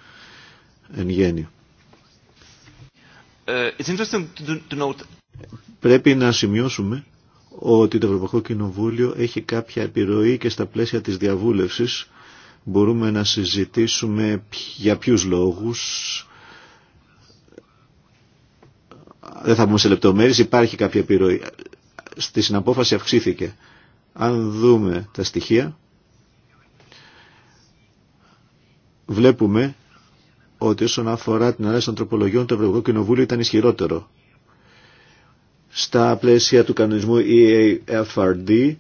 εν γέννη. Ε, it's to note. Πρέπει να σημειώσουμε ότι το Ευρωπαϊκό Κοινοβούλιο έχει κάποια επιρροή και στα πλαίσια της διαβούλευσης μπορούμε να συζητήσουμε για ποιους λόγους δεν θα πούμε σε λεπτομέρειες, υπάρχει κάποια επιρροή. Στη συναπόφαση αυξήθηκε. Αν δούμε τα στοιχεία, βλέπουμε ότι όσον αφορά την αλλαγή των τροπολογιών, το Ευρωπαϊκό Κοινοβούλιο ήταν ισχυρότερο. Στα πλαίσια του κανονισμού EAFRD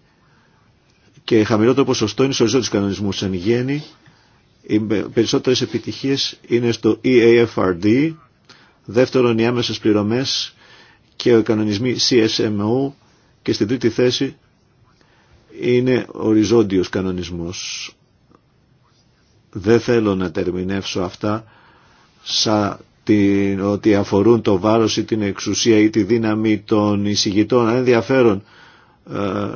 και χαμηλότερο ποσοστό είναι στο του κανονισμού εν γέννη. Οι περισσότερες επιτυχίες είναι στο EAFRD δεύτερον οι άμεσες πληρωμές και ο κανονισμοί CSMO και στη τρίτη θέση είναι οριζόντιος κανονισμός. Δεν θέλω να τερμινεύσω αυτά σαν την, ότι αφορούν το βάρος ή την εξουσία ή τη δύναμη των εισηγητών. Αν ενδιαφέρον ε,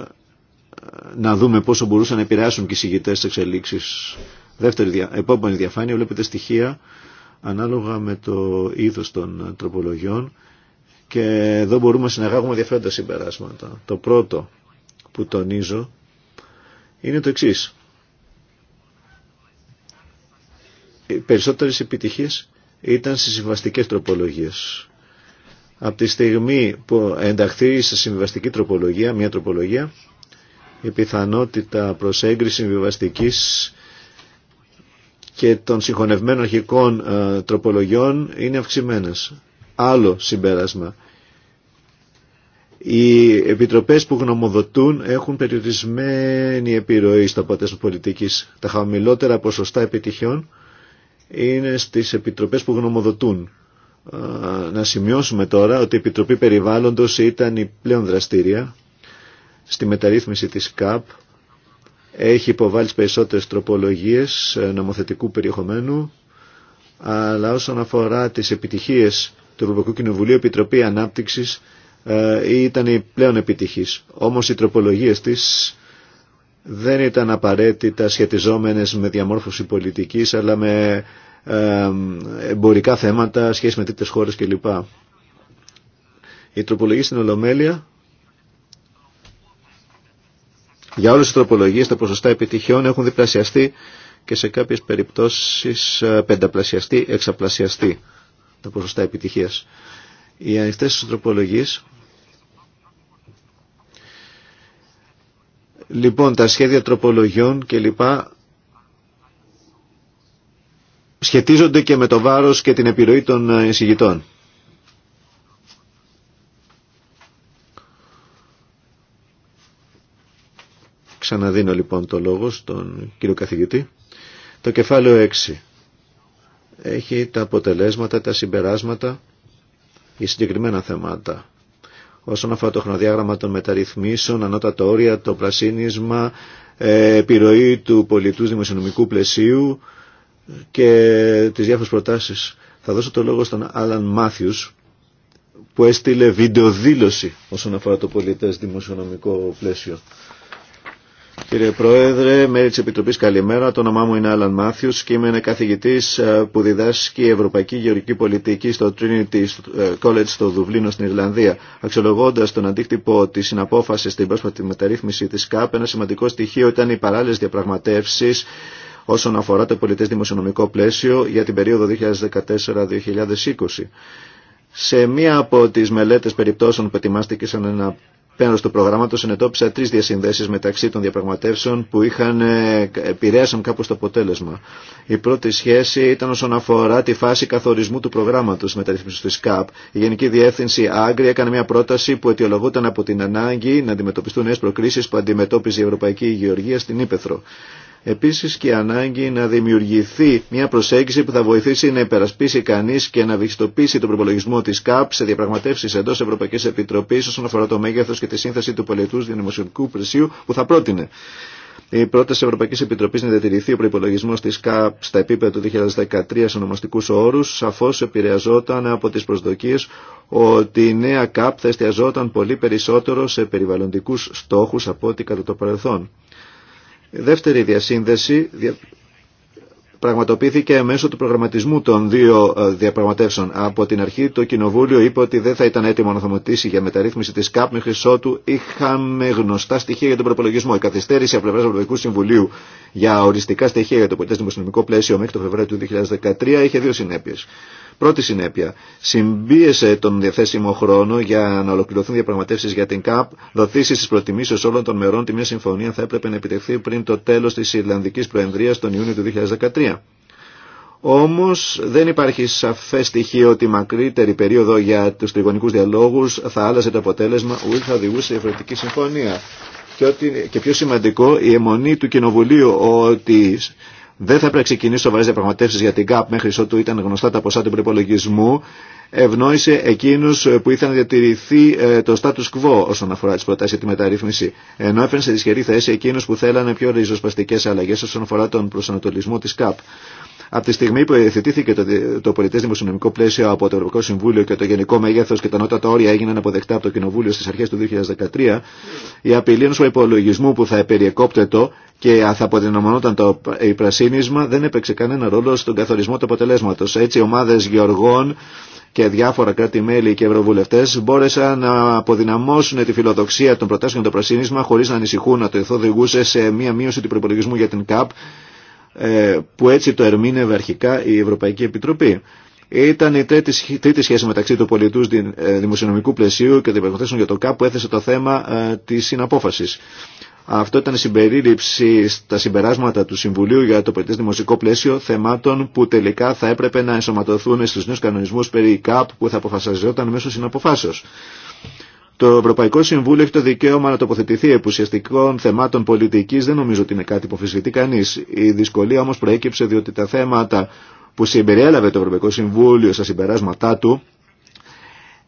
να δούμε πόσο μπορούσαν να επηρεάσουν και οι εισηγητές εξελίξεις. Δεύτερη, επόμενη διαφάνεια βλέπετε στοιχεία ανάλογα με το είδος των τροπολογιών και εδώ μπορούμε να συναγάγουμε ενδιαφέροντα συμπεράσματα. Το πρώτο που τονίζω είναι το εξής. Οι περισσότερες επιτυχίες ήταν στις συμβαστικές τροπολογίες. Από τη στιγμή που ενταχθεί σε συμβαστική τροπολογία, μια τροπολογία, η πιθανότητα προσέγγιση συμβιβαστικής και των συγχωνευμένων αρχικών ε, τροπολογιών είναι αυξημένε. Άλλο συμπέρασμα. Οι επιτροπές που γνωμοδοτούν έχουν περιορισμένη επιρροή στο αποτέλεσμα πολιτικής. Τα χαμηλότερα ποσοστά επιτυχιών είναι στις επιτροπές που γνωμοδοτούν. Ε, να σημειώσουμε τώρα ότι η Επιτροπή Περιβάλλοντος ήταν η πλέον δραστήρια στη μεταρρύθμιση της ΚΑΠ έχει υποβάλει περισσότερες τροπολογίες ε, νομοθετικού περιεχομένου, αλλά όσον αφορά τις επιτυχίες του Ευρωπαϊκού Κοινοβουλίου, η Επιτροπή Ανάπτυξης ε, ήταν η πλέον επιτυχής. Όμως οι τροπολογίες της δεν ήταν απαραίτητα σχετιζόμενες με διαμόρφωση πολιτικής, αλλά με ε, εμπορικά θέματα, σχέση με τίτες χώρες κλπ. Η τροπολογία στην Ολομέλεια για όλες τις τροπολογίες τα ποσοστά επιτυχιών έχουν διπλασιαστεί και σε κάποιες περιπτώσεις ε, πενταπλασιαστεί, εξαπλασιαστεί τα ποσοστά επιτυχίας. Οι ανοιχτές τροπολογίες Λοιπόν, τα σχέδια τροπολογιών και λοιπά σχετίζονται και με το βάρος και την επιρροή των ε, εισηγητών. Ξαναδίνω λοιπόν το λόγο στον κύριο καθηγητή. Το κεφάλαιο 6 έχει τα αποτελέσματα, τα συμπεράσματα για συγκεκριμένα θέματα. Όσον αφορά το χρονοδιάγραμμα των μεταρρυθμίσεων, ανώτατα όρια, το πρασίνισμα, ε, επιρροή του πολιτού δημοσιονομικού πλαισίου και τις διάφορες προτάσεις. Θα δώσω το λόγο στον Άλαν Μάθιους που έστειλε βιντεοδήλωση όσον αφορά το πολιτές δημοσιονομικό πλαίσιο. Κύριε Πρόεδρε, μέλη τη Επιτροπή, καλημέρα. Το όνομά μου είναι Άλαν Μάθιου και είμαι καθηγητή ε, που διδάσκει Ευρωπαϊκή Γεωργική Πολιτική στο Trinity ε, College στο Δουβλίνο στην Ιρλανδία. Αξιολογώντα τον αντίκτυπο τη συναπόφαση στην πρόσφατη μεταρρύθμιση τη ΚΑΠ, ένα σημαντικό στοιχείο ήταν οι παράλληλε διαπραγματεύσει όσον αφορά το πολιτέ δημοσιονομικό πλαίσιο για την περίοδο 2014-2020. Σε μία από τις μελέτες περιπτώσεων που ετοιμάστηκε σαν ένα πρόγραμμα του προγράμματο ενετόπισα τρει διασυνδέσει μεταξύ των διαπραγματεύσεων που είχαν ε, επηρέασαν κάπω το αποτέλεσμα. Η πρώτη σχέση ήταν όσον αφορά τη φάση καθορισμού του προγράμματο μεταρρύθμιση τη ΚΑΠ. Η Γενική Διεύθυνση Άγκρη έκανε μια πρόταση που αιτιολογούταν από την ανάγκη να αντιμετωπιστούν νέε προκλήσει που αντιμετώπιζε η Ευρωπαϊκή Γεωργία στην Ήπεθρο. Επίσης και η ανάγκη να δημιουργηθεί μια προσέγγιση που θα βοηθήσει να υπερασπίσει κανείς και να βυθιστοποιήσει τον προπολογισμό της ΚΑΠ σε διαπραγματεύσεις εντός Ευρωπαϊκής Επιτροπής όσον αφορά το μέγεθος και τη σύνθεση του πολιτού δημοσιονομικού πλαισίου που θα πρότεινε. Η πρόταση Ευρωπαϊκή Επιτροπή να διατηρηθεί ο προπολογισμό τη ΚΑΠ στα επίπεδα του 2013 σε ονομαστικού όρου σαφώ επηρεαζόταν από τι προσδοκίε ότι η νέα ΚΑΠ θα εστιαζόταν πολύ περισσότερο σε περιβαλλοντικού στόχου από ό,τι κατά το παρελθόν. Δεύτερη διασύνδεση πραγματοποιήθηκε μέσω του προγραμματισμού των δύο ε, διαπραγματεύσεων. Από την αρχή το Κοινοβούλιο είπε ότι δεν θα ήταν έτοιμο να θωμοτήσει για μεταρρύθμιση τη ΚΑΠ μέχρι ότου είχαμε γνωστά στοιχεία για τον προπολογισμό. Η καθυστέρηση από πλευρά Ευρωπαϊκού Συμβουλίου για οριστικά στοιχεία για το πολιτέ πλαίσιο μέχρι το Φεβρουάριο του 2013 είχε δύο συνέπειε. Πρώτη συνέπεια, συμπίεσε τον διαθέσιμο χρόνο για να ολοκληρωθούν διαπραγματεύσει για την ΚΑΠ, δοθήσει στι προτιμήσει όλων των μερών τη μια συμφωνία θα έπρεπε να επιτευχθεί πριν το τέλο τη Ιρλανδική Προεδρία τον Ιούνιο του 2013. Όμω Όμως δεν υπάρχει σαφές στοιχείο ότι η μακρύτερη περίοδο για τους τριγωνικούς διαλόγους θα άλλαζε το αποτέλεσμα η θα οδηγούσε σε διαφορετική συμφωνία. Και, ότι, και πιο σημαντικό η αιμονή του Κοινοβουλίου ότι δεν θα πρέπει να ξεκινήσει σοβαρέ διαπραγματεύσει για την ΚΑΠ μέχρι ότου ήταν γνωστά τα ποσά του προπολογισμού ευνόησε εκείνους που ήθελαν να διατηρηθεί ε, το status quo όσον αφορά τις προτάσεις για τη μεταρρύθμιση, ενώ έφερε σε δυσχερή θέση εκείνους που θέλανε πιο ριζοσπαστικέ αλλαγέ όσον αφορά τον προσανατολισμό της ΚΑΠ. Από τη στιγμή που εθετήθηκε το, το πολιτέ δημοσιονομικό πλαίσιο από το Ευρωπαϊκό Συμβούλιο και το γενικό μέγεθο και τα Νότατα όρια έγιναν αποδεκτά από το Κοινοβούλιο στι αρχέ του 2013, η απειλή ενό υπολογισμού που θα περιεκόπτετο και θα αποδυναμωνόταν το υπρασίνισμα δεν έπαιξε κανένα ρόλο στον καθορισμό του αποτελέσματο. Έτσι, ομάδε γεωργών και διάφορα κράτη-μέλη και ευρωβουλευτέ μπόρεσαν να αποδυναμώσουν τη φιλοδοξία των προτάσεων για το πρασίνισμα χωρί να ανησυχούν να το οδηγούσε σε μία μείωση του προπολογισμού για την ΚΑΠ ε, που έτσι το ερμήνευε αρχικά η Ευρωπαϊκή Επιτροπή. Ήταν η τρίτη, τρίτη σχέση μεταξύ του πολιτού ε, δημοσιονομικού πλαισίου και των υπερκοθέσεων για το ΚΑΠ που έθεσε το θέμα ε, τη συναπόφαση. Αυτό ήταν η συμπερίληψη στα συμπεράσματα του Συμβουλίου για το πολιτικό δημοσικό πλαίσιο θεμάτων που τελικά θα έπρεπε να ενσωματωθούν στους νέους κανονισμούς περί ΚΑΠ που θα αποφασιζόταν μέσω συναποφάσεως. Το Ευρωπαϊκό Συμβούλιο έχει το δικαίωμα να τοποθετηθεί επουσιαστικών θεμάτων πολιτική. Δεν νομίζω ότι είναι κάτι που αμφισβητεί κανεί. Η δυσκολία όμω προέκυψε διότι τα θέματα που συμπεριέλαβε το Ευρωπαϊκό Συμβούλιο στα συμπεράσματά του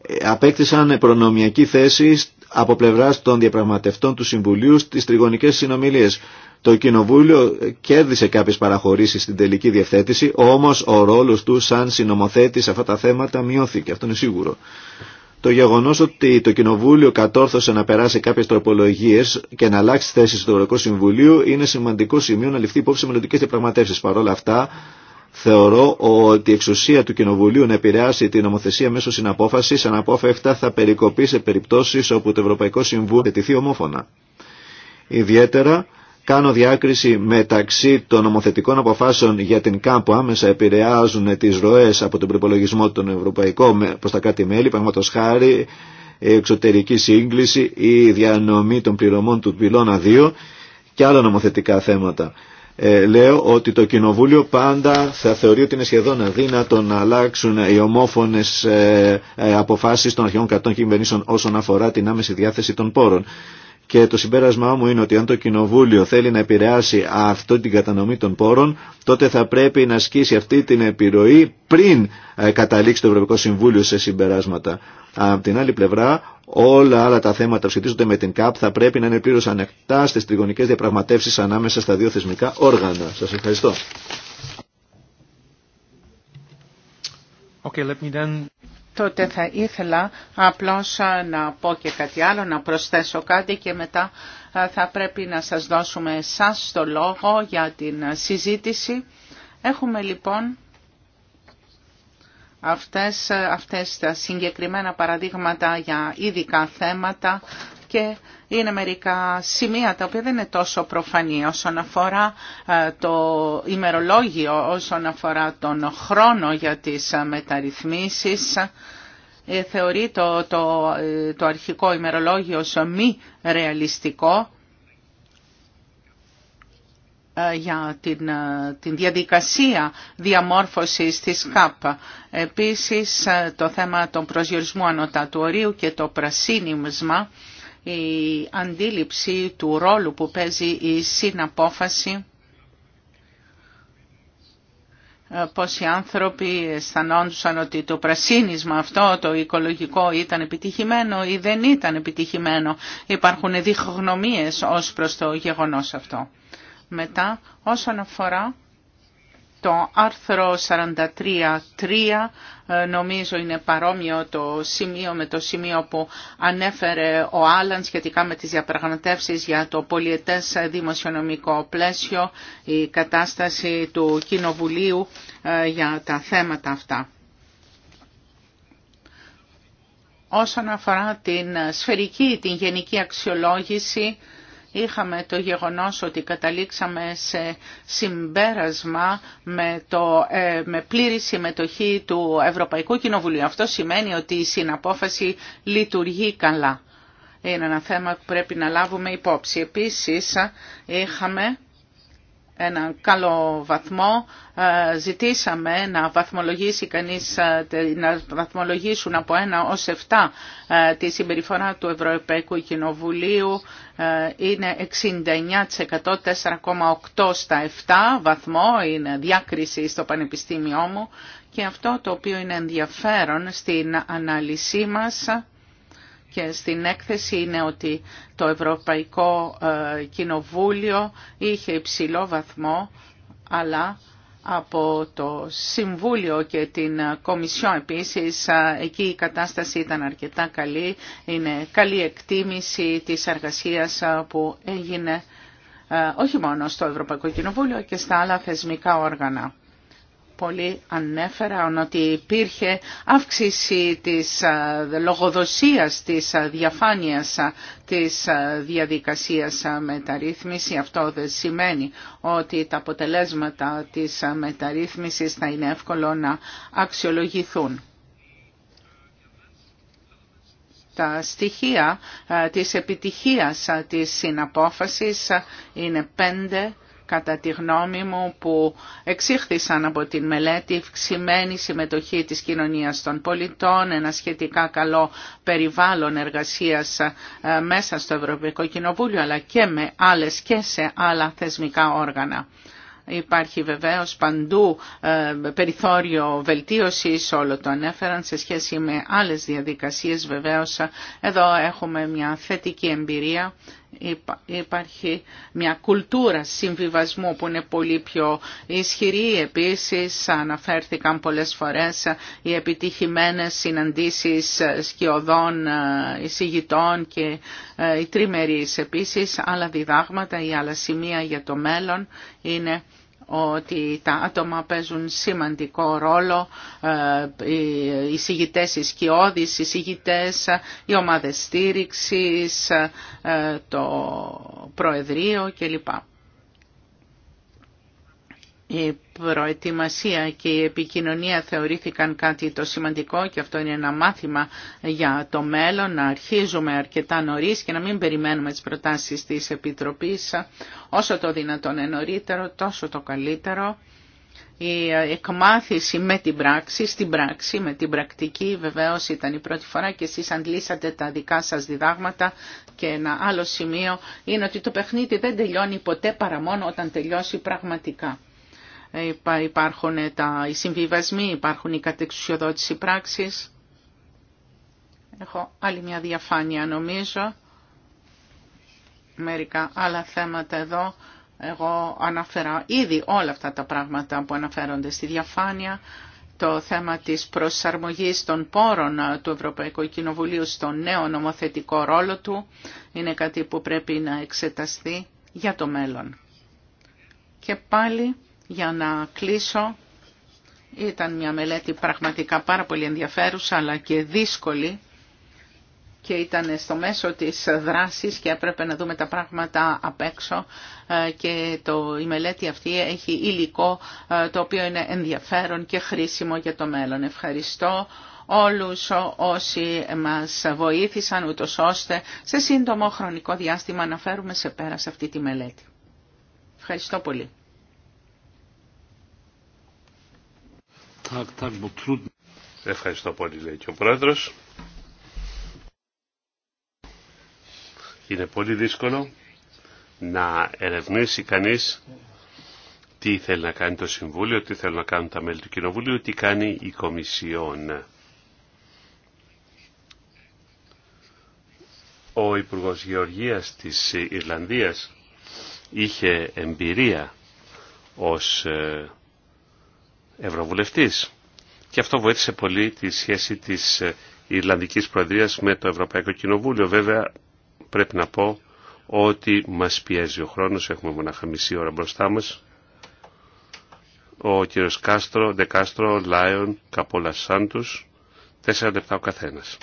ε, απέκτησαν προνομιακή θέση από πλευρά των διαπραγματευτών του Συμβουλίου στι τριγωνικέ συνομιλίε. Το Κοινοβούλιο κέρδισε κάποιε παραχωρήσει στην τελική διευθέτηση, όμω ο ρόλο του σαν συνομοθέτη σε αυτά τα θέματα μειώθηκε. Αυτό είναι σίγουρο. Το γεγονό ότι το Κοινοβούλιο κατόρθωσε να περάσει κάποιε τροπολογίε και να αλλάξει θέσει του Ευρωπαϊκού Συμβουλίου είναι σημαντικό σημείο να ληφθεί υπόψη μελλοντικέ διαπραγματεύσει. Παρ' όλα αυτά, Θεωρώ ότι η εξουσία του Κοινοβουλίου να επηρεάσει την νομοθεσία μέσω συναπόφαση αναπόφευτα θα περικοπεί σε περιπτώσει όπου το Ευρωπαϊκό Συμβούλιο θετηθεί ομόφωνα. Ιδιαίτερα, κάνω διάκριση μεταξύ των νομοθετικών αποφάσεων για την ΚΑΜ που άμεσα επηρεάζουν τι ροέ από τον προπολογισμό των Ευρωπαϊκών προ τα κάτι μελη παραδείγματο χάρη η εξωτερική σύγκληση ή η διανομή των πληρωμών του πυλώνα 2 και άλλα νομοθετικά θέματα. Ε, λέω ότι το Κοινοβούλιο πάντα θα θεωρεί ότι είναι σχεδόν αδύνατο να αλλάξουν οι ομόφωνες ε, ε αποφάσεις των αρχαιών κρατών κυβερνήσεων όσον αφορά την άμεση διάθεση των πόρων. Και το συμπέρασμά μου είναι ότι αν το Κοινοβούλιο θέλει να επηρεάσει αυτή την κατανομή των πόρων, τότε θα πρέπει να ασκήσει αυτή την επιρροή πριν ε, καταλήξει το Ευρωπαϊκό Συμβούλιο σε συμπεράσματα. Από την άλλη πλευρά, όλα άλλα τα θέματα που σχετίζονται με την ΚΑΠ θα πρέπει να είναι πλήρω ανεκτά στι τριγωνικέ διαπραγματεύσει ανάμεσα στα δύο θεσμικά όργανα. Σα ευχαριστώ. Okay, let me then τότε θα ήθελα απλώς να πω και κάτι άλλο, να προσθέσω κάτι και μετά θα πρέπει να σας δώσουμε σας το λόγο για την συζήτηση. Έχουμε λοιπόν αυτές, αυτές τα συγκεκριμένα παραδείγματα για ειδικά θέματα και είναι μερικά σημεία τα οποία δεν είναι τόσο προφανή όσον αφορά ε, το ημερολόγιο, όσον αφορά τον χρόνο για τις ε, μεταρρυθμίσεις. Ε, θεωρεί το, το, αρχικό ημερολόγιο ως μη ρεαλιστικό για την, την διαδικασία διαμόρφωσης της ΚΑΠ. Επίσης το θέμα των προσδιορισμού ανωτάτου ορίου και το πρασίνισμα η αντίληψη του ρόλου που παίζει η συναπόφαση ε, πως οι άνθρωποι αισθανόντουσαν ότι το πρασίνισμα αυτό το οικολογικό ήταν επιτυχημένο ή δεν ήταν επιτυχημένο. Υπάρχουν διχογνωμίες ως προς το γεγονός αυτό. Μετά όσον αφορά το άρθρο 43.3 ε, νομίζω είναι παρόμοιο το σημείο με το σημείο που ανέφερε ο Άλαν σχετικά με τις διαπραγματεύσεις για το πολιετές δημοσιονομικό πλαίσιο, η κατάσταση του Κοινοβουλίου ε, για τα θέματα αυτά. Όσον αφορά την σφαιρική, την γενική αξιολόγηση, είχαμε το γεγονός ότι καταλήξαμε σε συμπέρασμα με, το, ε, με πλήρη συμμετοχή του Ευρωπαϊκού Κοινοβουλίου. Αυτό σημαίνει ότι η συναπόφαση λειτουργεί καλά. Είναι ένα θέμα που πρέπει να λάβουμε υπόψη. Επίσης είχαμε έναν καλό βαθμό. Ε, ζητήσαμε να βαθμολογήσει κανείς, ε, να βαθμολογήσουν από 1 ως 7 ε, τη συμπεριφορά του Ευρωπαϊκού Κοινοβουλίου. Είναι 69%, 4,8 στα 7 βαθμό, είναι διάκριση στο Πανεπιστήμιό μου. Και αυτό το οποίο είναι ενδιαφέρον στην ανάλυση μας και στην έκθεση είναι ότι το Ευρωπαϊκό ε, Κοινοβούλιο είχε υψηλό βαθμό, αλλά από το Συμβούλιο και την ε, Κομισιόν επίσης. Ε, εκεί η κατάσταση ήταν αρκετά καλή. Είναι καλή εκτίμηση της εργασίας που έγινε όχι μόνο στο Ευρωπαϊκό Κοινοβούλιο και στα άλλα θεσμικά όργανα. Πολύ ανέφερα ότι υπήρχε αύξηση της λογοδοσίας, της διαφάνειας της διαδικασίας μεταρρύθμιση. Αυτό δεν σημαίνει ότι τα αποτελέσματα της μεταρρύθμισης θα είναι εύκολο να αξιολογηθούν τα στοιχεία της επιτυχίας της συναπόφασης είναι πέντε κατά τη γνώμη μου, που εξήχθησαν από την μελέτη ευξημένη συμμετοχή της κοινωνίας των πολιτών, ένα σχετικά καλό περιβάλλον εργασίας ε, μέσα στο Ευρωπαϊκό Κοινοβούλιο, αλλά και με άλλες και σε άλλα θεσμικά όργανα. Υπάρχει βεβαίως παντού ε, περιθώριο βελτίωσης, όλο το ανέφεραν σε σχέση με άλλες διαδικασίες. Βεβαίως εδώ έχουμε μια θετική εμπειρία υπάρχει μια κουλτούρα συμβιβασμού που είναι πολύ πιο ισχυρή. Επίσης αναφέρθηκαν πολλές φορές οι επιτυχημένες συναντήσεις σκιωδών ε, εισηγητών και ε, οι τριμερείς επίσης. Άλλα διδάγματα ή άλλα σημεία για το μέλλον είναι ότι τα άτομα παίζουν σημαντικό ρόλο, ε, οι συγητές, οι οι συγητές, οι ομάδες στήριξης, ε, το Προεδρείο κλπ. Η προετοιμασία και η επικοινωνία θεωρήθηκαν κάτι το σημαντικό και αυτό είναι ένα μάθημα για το μέλλον, να αρχίζουμε αρκετά νωρίς και να μην περιμένουμε τις προτάσεις της Επιτροπής όσο το δυνατόν νωρίτερο, τόσο το καλύτερο. Η εκμάθηση με την πράξη, στην πράξη, με την πρακτική βεβαίως ήταν η πρώτη φορά και εσείς αντλήσατε τα δικά σας διδάγματα και ένα άλλο σημείο είναι ότι το παιχνίδι δεν τελειώνει ποτέ παρά μόνο όταν τελειώσει πραγματικά υπάρχουν τα, οι συμβιβασμοί, υπάρχουν οι κατεξουσιοδότηση πράξεις. Έχω άλλη μια διαφάνεια νομίζω. Μερικά άλλα θέματα εδώ. Εγώ αναφέρα ήδη όλα αυτά τα πράγματα που αναφέρονται στη διαφάνεια. Το θέμα της προσαρμογής των πόρων του Ευρωπαϊκού Κοινοβουλίου στον νέο νομοθετικό ρόλο του είναι κάτι που πρέπει να εξεταστεί για το μέλλον. Και πάλι για να κλείσω, ήταν μια μελέτη πραγματικά πάρα πολύ ενδιαφέρουσα αλλά και δύσκολη και ήταν στο μέσο της δράσης και έπρεπε να δούμε τα πράγματα απ' έξω ε, και το, η μελέτη αυτή έχει υλικό ε, το οποίο είναι ενδιαφέρον και χρήσιμο για το μέλλον. Ευχαριστώ όλους όσοι μας βοήθησαν ούτως ώστε σε σύντομο χρονικό διάστημα να φέρουμε σε πέρα σε αυτή τη μελέτη. Ευχαριστώ πολύ. Ευχαριστώ πολύ, λέει και ο πρόεδρο. Είναι πολύ δύσκολο να ερευνήσει κανεί. τι θέλει να κάνει το Συμβούλιο, τι θέλουν να κάνουν τα μέλη του Κοινοβουλίου, τι κάνει η Κομισιόν. Ο υπουργό Γεωργίας τη Ιρλανδίας είχε εμπειρία ως ε, ευρωβουλευτής. Και αυτό βοήθησε πολύ τη σχέση της ε, Ιρλανδικής Προεδρίας με το Ευρωπαϊκό Κοινοβούλιο. Βέβαια πρέπει να πω ότι μας πιέζει ο χρόνος, έχουμε μονάχα μισή ώρα μπροστά μας. Ο κύριος Κάστρο, Δεκάστρο, Λάιον, Καπόλα Σάντους, τέσσερα λεπτά ο καθένας.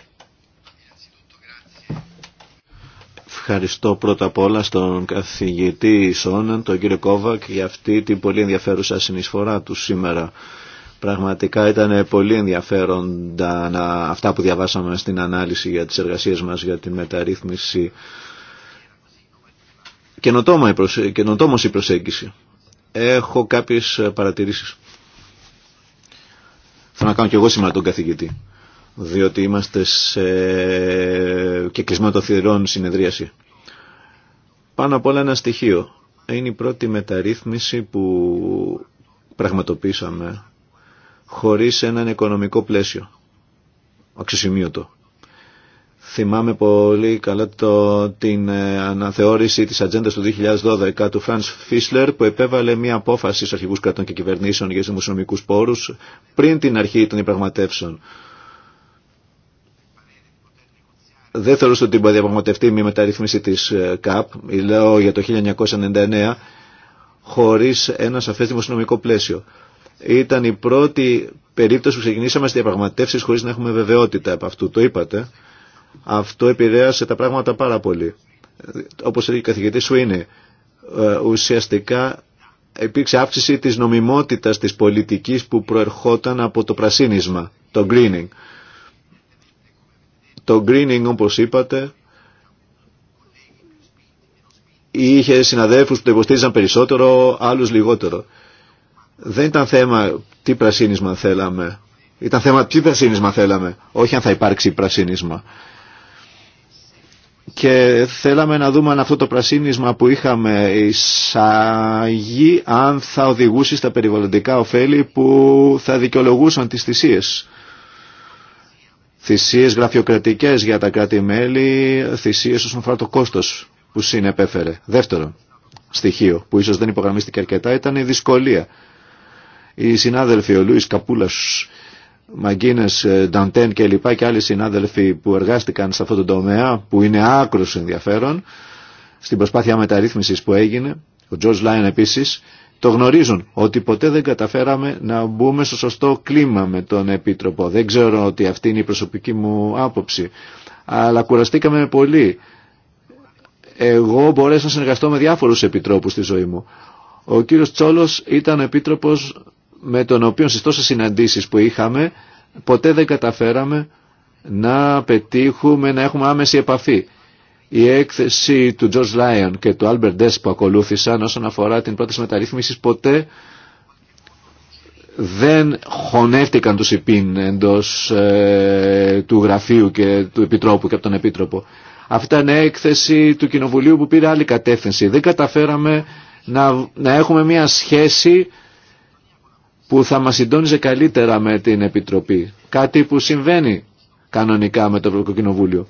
Ευχαριστώ πρώτα απ' όλα στον καθηγητή Σόναν, τον κύριο Κόβακ, για αυτή την πολύ ενδιαφέρουσα συνεισφορά του σήμερα. Πραγματικά ήταν πολύ ενδιαφέροντα αυτά που διαβάσαμε στην ανάλυση για τις εργασίες μας για την μεταρρύθμιση. Καινοτόμως η προσέγγιση. Έχω κάποιες παρατηρήσεις. Θα να κάνω και εγώ σήμερα τον καθηγητή διότι είμαστε σε κεκλεισμένο το συνεδρίαση. Πάνω απ' όλα ένα στοιχείο. Είναι η πρώτη μεταρρύθμιση που πραγματοποίησαμε χωρίς έναν οικονομικό πλαίσιο. Αξιοσημείωτο. Θυμάμαι πολύ καλά το, την ε, αναθεώρηση της ατζέντα του 2012 του Φρανς Φίσλερ που επέβαλε μια απόφαση στους αρχηγούς κρατών και κυβερνήσεων για τους δημοσιονομικούς πόρους πριν την αρχή των υπραγματεύσεων δεν θεωρώ ότι μπορεί να διαπραγματευτεί με μεταρρύθμιση της ε, ΚΑΠ, λέω για το 1999, χωρίς ένα σαφές δημοσιονομικό πλαίσιο. Ήταν η πρώτη περίπτωση που ξεκινήσαμε στις διαπραγματεύσεις χωρίς να έχουμε βεβαιότητα από αυτού. Το είπατε. Αυτό επηρέασε τα πράγματα πάρα πολύ. Όπως έλεγε η καθηγητή σου είναι, ουσιαστικά υπήρξε αύξηση της νομιμότητας της πολιτικής που προερχόταν από το πρασίνισμα, το greening. Το greening όπως είπατε είχε συναδέλφους που το υποστήριζαν περισσότερο, άλλους λιγότερο. Δεν ήταν θέμα τι πρασίνισμα θέλαμε. Ήταν θέμα τι πρασίνισμα θέλαμε, όχι αν θα υπάρξει πρασίνισμα. Και θέλαμε να δούμε αν αυτό το πρασίνισμα που είχαμε εισάγει, αν θα οδηγούσε στα περιβαλλοντικά ωφέλη που θα δικαιολογούσαν τις θυσίες θυσίες γραφειοκρατικές για τα κράτη-μέλη, θυσίες όσον αφορά το κόστος που συνεπέφερε. Δεύτερο στοιχείο που ίσως δεν υπογραμμίστηκε αρκετά ήταν η δυσκολία. Οι συνάδελφοι, ο Λούις Καπούλας, Μαγκίνες, Νταντέν και λοιπά και άλλοι συνάδελφοι που εργάστηκαν σε αυτό το τομέα που είναι άκρος ενδιαφέρον στην προσπάθεια μεταρρύθμισης που έγινε, ο Τζορτζ Λάιν επίσης, το γνωρίζουν ότι ποτέ δεν καταφέραμε να μπούμε στο σωστό κλίμα με τον Επίτροπο. Δεν ξέρω ότι αυτή είναι η προσωπική μου άποψη. Αλλά κουραστήκαμε πολύ. Εγώ μπορέσα να συνεργαστώ με διάφορους επιτρόπους στη ζωή μου. Ο κύριος Τσόλος ήταν επίτροπος με τον οποίο στις τόσες συναντήσεις που είχαμε ποτέ δεν καταφέραμε να πετύχουμε, να έχουμε άμεση επαφή η έκθεση του George Lyon και του Albert Dess που ακολούθησαν όσον αφορά την πρόταση μεταρρύθμισης ποτέ δεν χωνεύτηκαν τους ΥΠΗΝ εντός ε, του γραφείου και του Επιτρόπου και από τον Επίτροπο. Αυτή ήταν έκθεση του Κοινοβουλίου που πήρε άλλη κατεύθυνση. Δεν καταφέραμε να, να έχουμε μια σχέση που θα μας συντόνιζε καλύτερα με την Επιτροπή. Κάτι που συμβαίνει κανονικά με το Ευρωπαϊκό Κοινοβούλιο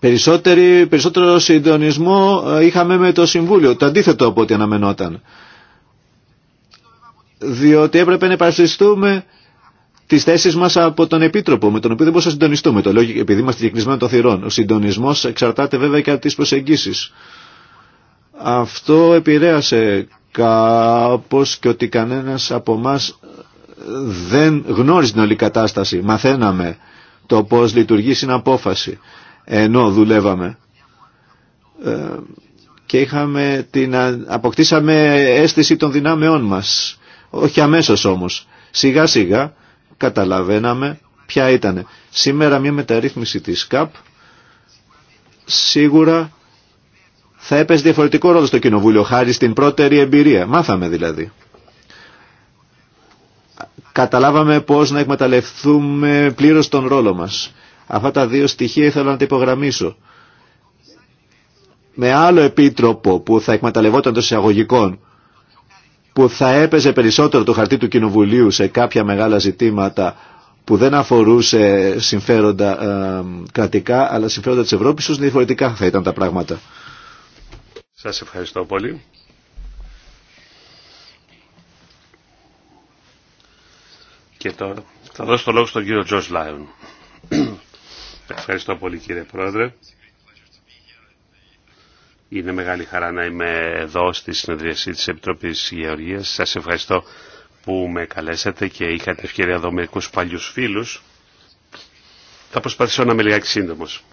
περισσότερο συντονισμό ε, είχαμε με το Συμβούλιο, το αντίθετο από ό,τι αναμενόταν. Διότι έπρεπε να επαρσιστούμε τι θέσει μα από τον Επίτροπο, με τον οποίο δεν μπορούσαμε να συντονιστούμε. Το λόγιο, επειδή είμαστε κυκλισμένοι των θυρών. Ο συντονισμό εξαρτάται βέβαια και από τι προσεγγίσει. Αυτό επηρέασε κάπω και ότι κανένα από εμά δεν γνώριζε την όλη κατάσταση. Μαθαίναμε το πώ λειτουργεί στην απόφαση ενώ δουλεύαμε. Ε, και είχαμε την, αποκτήσαμε αίσθηση των δυνάμεών μας. Όχι αμέσως όμως. Σιγά σιγά καταλαβαίναμε ποια ήταν. Σήμερα μια μεταρρύθμιση της ΚΑΠ σίγουρα θα έπαιζε διαφορετικό ρόλο στο Κοινοβούλιο χάρη στην πρώτερη εμπειρία. Μάθαμε δηλαδή. Καταλάβαμε πώς να εκμεταλλευτούμε πλήρως τον ρόλο μας. Αυτά τα δύο στοιχεία ήθελα να τα υπογραμμίσω. Με άλλο επίτροπο που θα εκμεταλλευόταν των εισαγωγικών, που θα έπαιζε περισσότερο το χαρτί του Κοινοβουλίου σε κάποια μεγάλα ζητήματα που δεν αφορούσε συμφέροντα ε, κρατικά, αλλά συμφέροντα της Ευρώπης, ίσως διαφορετικά θα ήταν τα πράγματα. Σας ευχαριστώ πολύ. Και τώρα θα δώσω το λόγο στον κύριο Τζος Λάιον. Ευχαριστώ πολύ κύριε Πρόεδρε. Είναι μεγάλη χαρά να είμαι εδώ στη συνεδριασή της Επιτροπής Γεωργίας. Σας ευχαριστώ που με καλέσατε και είχατε ευκαιρία εδώ μερικούς παλιούς φίλους. Θα προσπαθήσω να είμαι λιγάκι σύντομος.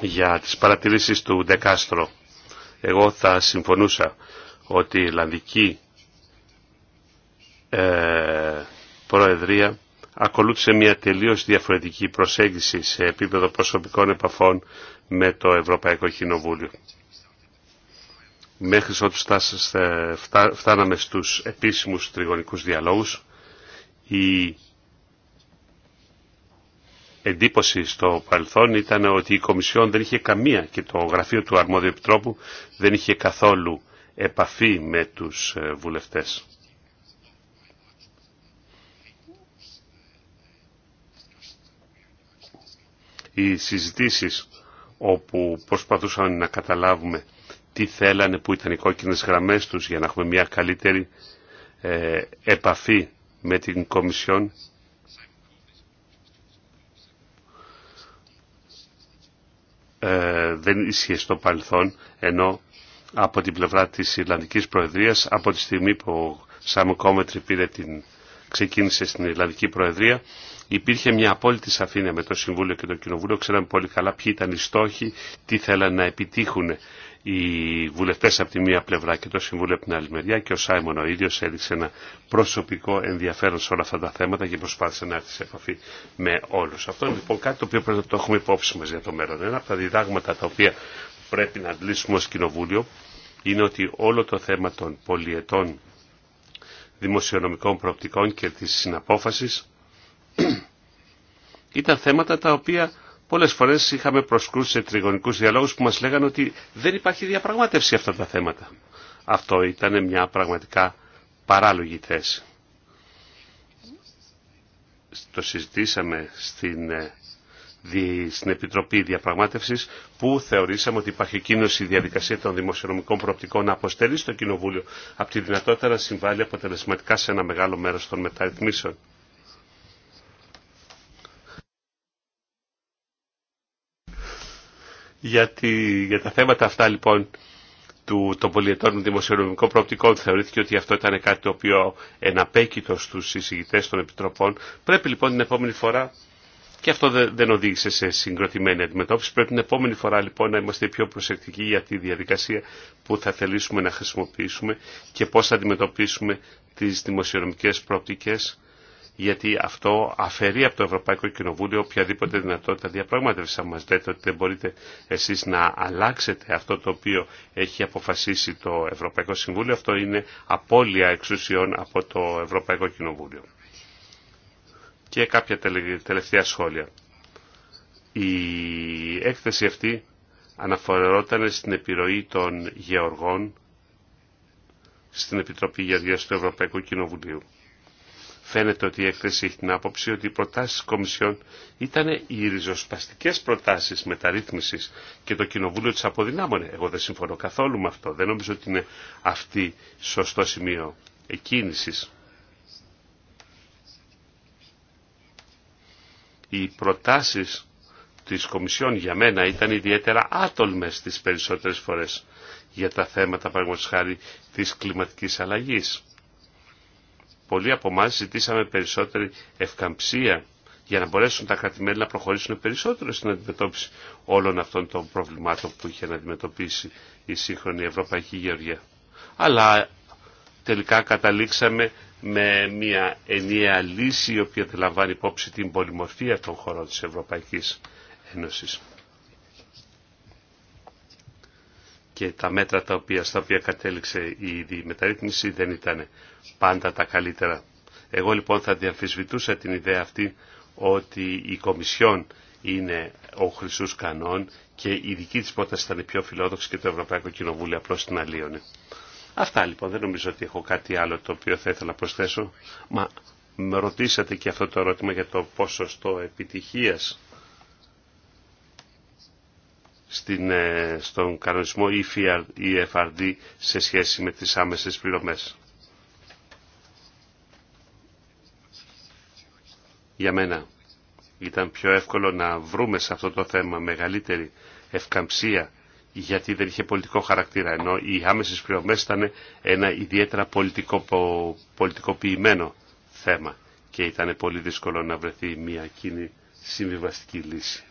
Για τις παρατηρήσεις του Ντεκάστρο, εγώ θα συμφωνούσα ότι η Ιρλανδική ε, Προεδρία ακολούθησε μια τελείως διαφορετική προσέγγιση σε επίπεδο προσωπικών επαφών με το Ευρωπαϊκό Κοινοβούλιο. Μέχρι ότου φτάναμε στους επίσημους τριγωνικούς διαλόγους, η εντύπωση στο παρελθόν ήταν ότι η Κομισιόν δεν είχε καμία και το γραφείο του Αρμόδιου Επιτρόπου δεν είχε καθόλου επαφή με τους ε, βουλευτές. οι συζητήσεις όπου προσπαθούσαν να καταλάβουμε τι θέλανε, που ήταν οι κόκκινες γραμμές τους για να έχουμε μια καλύτερη ε, επαφή με την Κομισιόν. Ε, δεν ίσχυε στο παρελθόν, ενώ από την πλευρά της Ιρλανδικής Προεδρίας, από τη στιγμή που ο Σάμ Κόμετρη πήρε την ξεκίνησε στην Ελλαδική Προεδρία, υπήρχε μια απόλυτη σαφήνεια με το Συμβούλιο και το Κοινοβούλιο. Ξέραμε πολύ καλά ποιοι ήταν οι στόχοι, τι θέλαν να επιτύχουν οι βουλευτές από τη μία πλευρά και το Συμβούλιο από την άλλη μεριά και ο Σάιμον ο ίδιος έδειξε ένα προσωπικό ενδιαφέρον σε όλα αυτά τα θέματα και προσπάθησε να έρθει σε επαφή με όλους. Αυτό είναι λοιπόν κάτι το οποίο πρέπει να το έχουμε υπόψη μας για το μέλλον. Ένα από τα διδάγματα τα οποία πρέπει να αντλήσουμε ω Κοινοβούλιο είναι ότι όλο το θέμα των πολιετών δημοσιονομικών προοπτικών και της συναπόφασης ήταν θέματα τα οποία πολλές φορές είχαμε προσκρούσει σε τριγωνικούς διαλόγους που μας λέγανε ότι δεν υπάρχει διαπραγμάτευση αυτά τα θέματα. Αυτό ήταν μια πραγματικά παράλογη θέση. Το συζητήσαμε στην ε, στην Επιτροπή Διαπραγμάτευσης που θεωρήσαμε ότι υπάρχει κίνηση η διαδικασία των δημοσιονομικών προοπτικών να αποστέλει στο Κοινοβούλιο από τη δυνατότητα να συμβάλλει αποτελεσματικά σε ένα μεγάλο μέρος των μεταρρυθμίσεων. Για, τη, για τα θέματα αυτά λοιπόν του, των πολιετών δημοσιονομικών προοπτικών θεωρήθηκε ότι αυτό ήταν κάτι το οποίο εναπέκειτο στους συζητητές των επιτροπών. Πρέπει λοιπόν την επόμενη φορά και αυτό δεν οδήγησε σε συγκροτημένη αντιμετώπιση. Πρέπει την επόμενη φορά λοιπόν να είμαστε πιο προσεκτικοί για τη διαδικασία που θα θελήσουμε να χρησιμοποιήσουμε και πώς θα αντιμετωπίσουμε τις δημοσιονομικές προοπτικές γιατί αυτό αφαιρεί από το Ευρωπαϊκό Κοινοβούλιο οποιαδήποτε δυνατότητα διαπραγμάτευση. Αν μα λέτε ότι δεν μπορείτε εσεί να αλλάξετε αυτό το οποίο έχει αποφασίσει το Ευρωπαϊκό Συμβούλιο, αυτό είναι απώλεια εξουσιών από το Ευρωπαϊκό Κοινοβούλιο. Και κάποια τελευταία σχόλια. Η έκθεση αυτή αναφορερόταν στην επιρροή των γεωργών στην Επιτροπή Γεωργίας του Ευρωπαϊκού Κοινοβουλίου. Φαίνεται ότι η έκθεση έχει την άποψη ότι οι προτάσεις της Κομισιόν ήταν οι ριζοσπαστικές προτάσεις μεταρρύθμισης και το Κοινοβούλιο τις αποδυνάμωνε. Εγώ δεν συμφωνώ καθόλου με αυτό. Δεν νομίζω ότι είναι αυτή σωστό σημείο εκκίνησης. οι προτάσεις της Κομισιόν για μένα ήταν ιδιαίτερα άτολμες τις περισσότερες φορές για τα θέματα παραγωγής χάρη της κλιματικής αλλαγής. Πολλοί από εμά ζητήσαμε περισσότερη ευκαμψία για να μπορέσουν τα κρατημέλη να προχωρήσουν περισσότερο στην αντιμετώπιση όλων αυτών των προβλημάτων που είχε να αντιμετωπίσει η σύγχρονη Ευρωπαϊκή Γεωργία. Αλλά τελικά καταλήξαμε με μια ενιαία λύση η οποία θα λαμβάνει υπόψη την πολυμορφία των χωρών της Ευρωπαϊκής Ένωσης. Και τα μέτρα τα οποία, στα οποία κατέληξε η μεταρρύθμιση δεν ήταν πάντα τα καλύτερα. Εγώ λοιπόν θα διαφυσβητούσα την ιδέα αυτή ότι η Κομισιόν είναι ο χρυσούς κανόν και η δική της πρόταση ήταν πιο φιλόδοξη και το Ευρωπαϊκό Κοινοβούλιο απλώς την αλλίωνε. Αυτά λοιπόν, δεν νομίζω ότι έχω κάτι άλλο το οποίο θα ήθελα να προσθέσω. Μα με ρωτήσατε και αυτό το ερώτημα για το ποσοστό επιτυχίας στην, ε, στον κανονισμό EFRD e σε σχέση με τις άμεσες πληρωμές. Για μένα ήταν πιο εύκολο να βρούμε σε αυτό το θέμα μεγαλύτερη ευκαμψία γιατί δεν είχε πολιτικό χαρακτήρα, ενώ οι άμεσες πληρωμές ήταν ένα ιδιαίτερα πολιτικό, πολιτικοποιημένο θέμα και ήταν πολύ δύσκολο να βρεθεί μια κοινή συμβιβαστική λύση.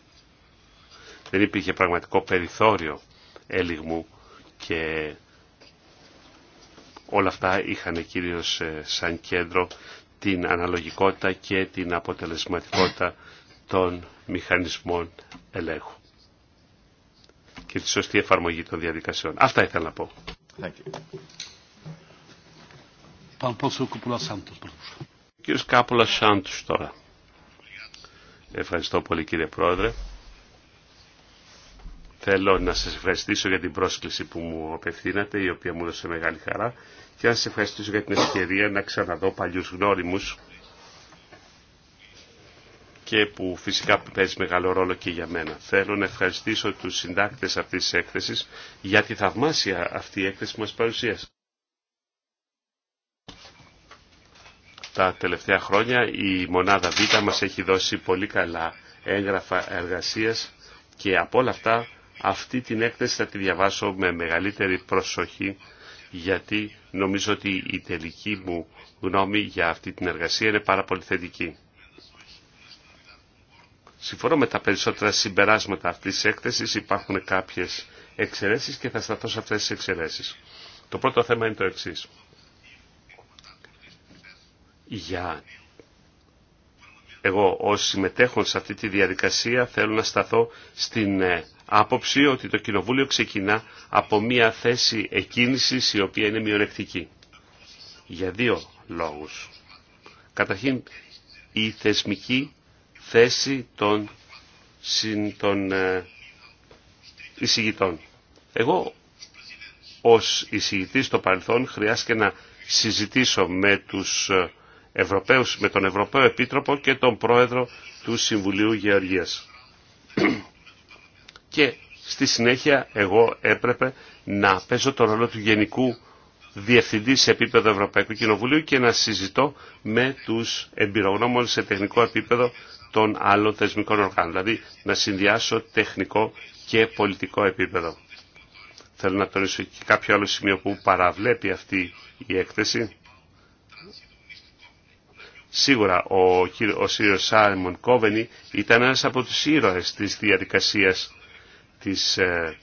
Δεν υπήρχε πραγματικό περιθώριο έλιγμου και όλα αυτά είχαν κυρίως ε, σαν κέντρο την αναλογικότητα και την αποτελεσματικότητα των μηχανισμών ελέγχου και τη σωστή εφαρμογή των διαδικασιών. Αυτά ήθελα να πω. Κύριος Κάπουλα Σάντους τώρα. Ευχαριστώ πολύ κύριε Πρόεδρε. Θέλω να σας ευχαριστήσω για την πρόσκληση που μου απευθύνατε, η οποία μου έδωσε μεγάλη χαρά και να σας ευχαριστήσω για την ευκαιρία να ξαναδώ παλιούς γνώριμους και που φυσικά παίζει μεγάλο ρόλο και για μένα. Θέλω να ευχαριστήσω τους συντάκτες αυτής της έκθεσης για τη θαυμάσια αυτή η έκθεση που μας παρουσίασε. Τα τελευταία χρόνια η μονάδα Β μας έχει δώσει πολύ καλά έγγραφα εργασίας και από όλα αυτά αυτή την έκθεση θα τη διαβάσω με μεγαλύτερη προσοχή γιατί νομίζω ότι η τελική μου γνώμη για αυτή την εργασία είναι πάρα πολύ θετική. Συμφωνώ με τα περισσότερα συμπεράσματα αυτής της έκθεσης, υπάρχουν κάποιες εξαιρέσεις και θα σταθώ σε αυτές τις εξαιρέσεις. Το πρώτο θέμα είναι το εξής. Για εγώ ως συμμετέχον σε αυτή τη διαδικασία θέλω να σταθώ στην ε, άποψη ότι το Κοινοβούλιο ξεκινά από μια θέση εκκίνησης η οποία είναι μειονεκτική. Για δύο λόγους. Καταρχήν η θεσμική θέση των, συν, των ε, εισηγητών. Εγώ ως εισηγητής στο παρελθόν χρειάστηκε να συζητήσω με, τους ε, Ευρωπαίους, με τον Ευρωπαίο Επίτροπο και τον Πρόεδρο του Συμβουλίου Γεωργίας. και στη συνέχεια εγώ έπρεπε να παίζω τον ρόλο του Γενικού Διευθυντή σε επίπεδο Ευρωπαϊκού Κοινοβουλίου και να συζητώ με τους εμπειρογνώμονες σε τεχνικό επίπεδο των άλλων θεσμικών οργάνων. Δηλαδή να συνδυάσω τεχνικό και πολιτικό επίπεδο. Θέλω να τονίσω και κάποιο άλλο σημείο που παραβλέπει αυτή η έκθεση. Σίγουρα ο, κύριος Σάιμον Κόβενι ήταν ένας από τους ήρωες της διαδικασίας της ε,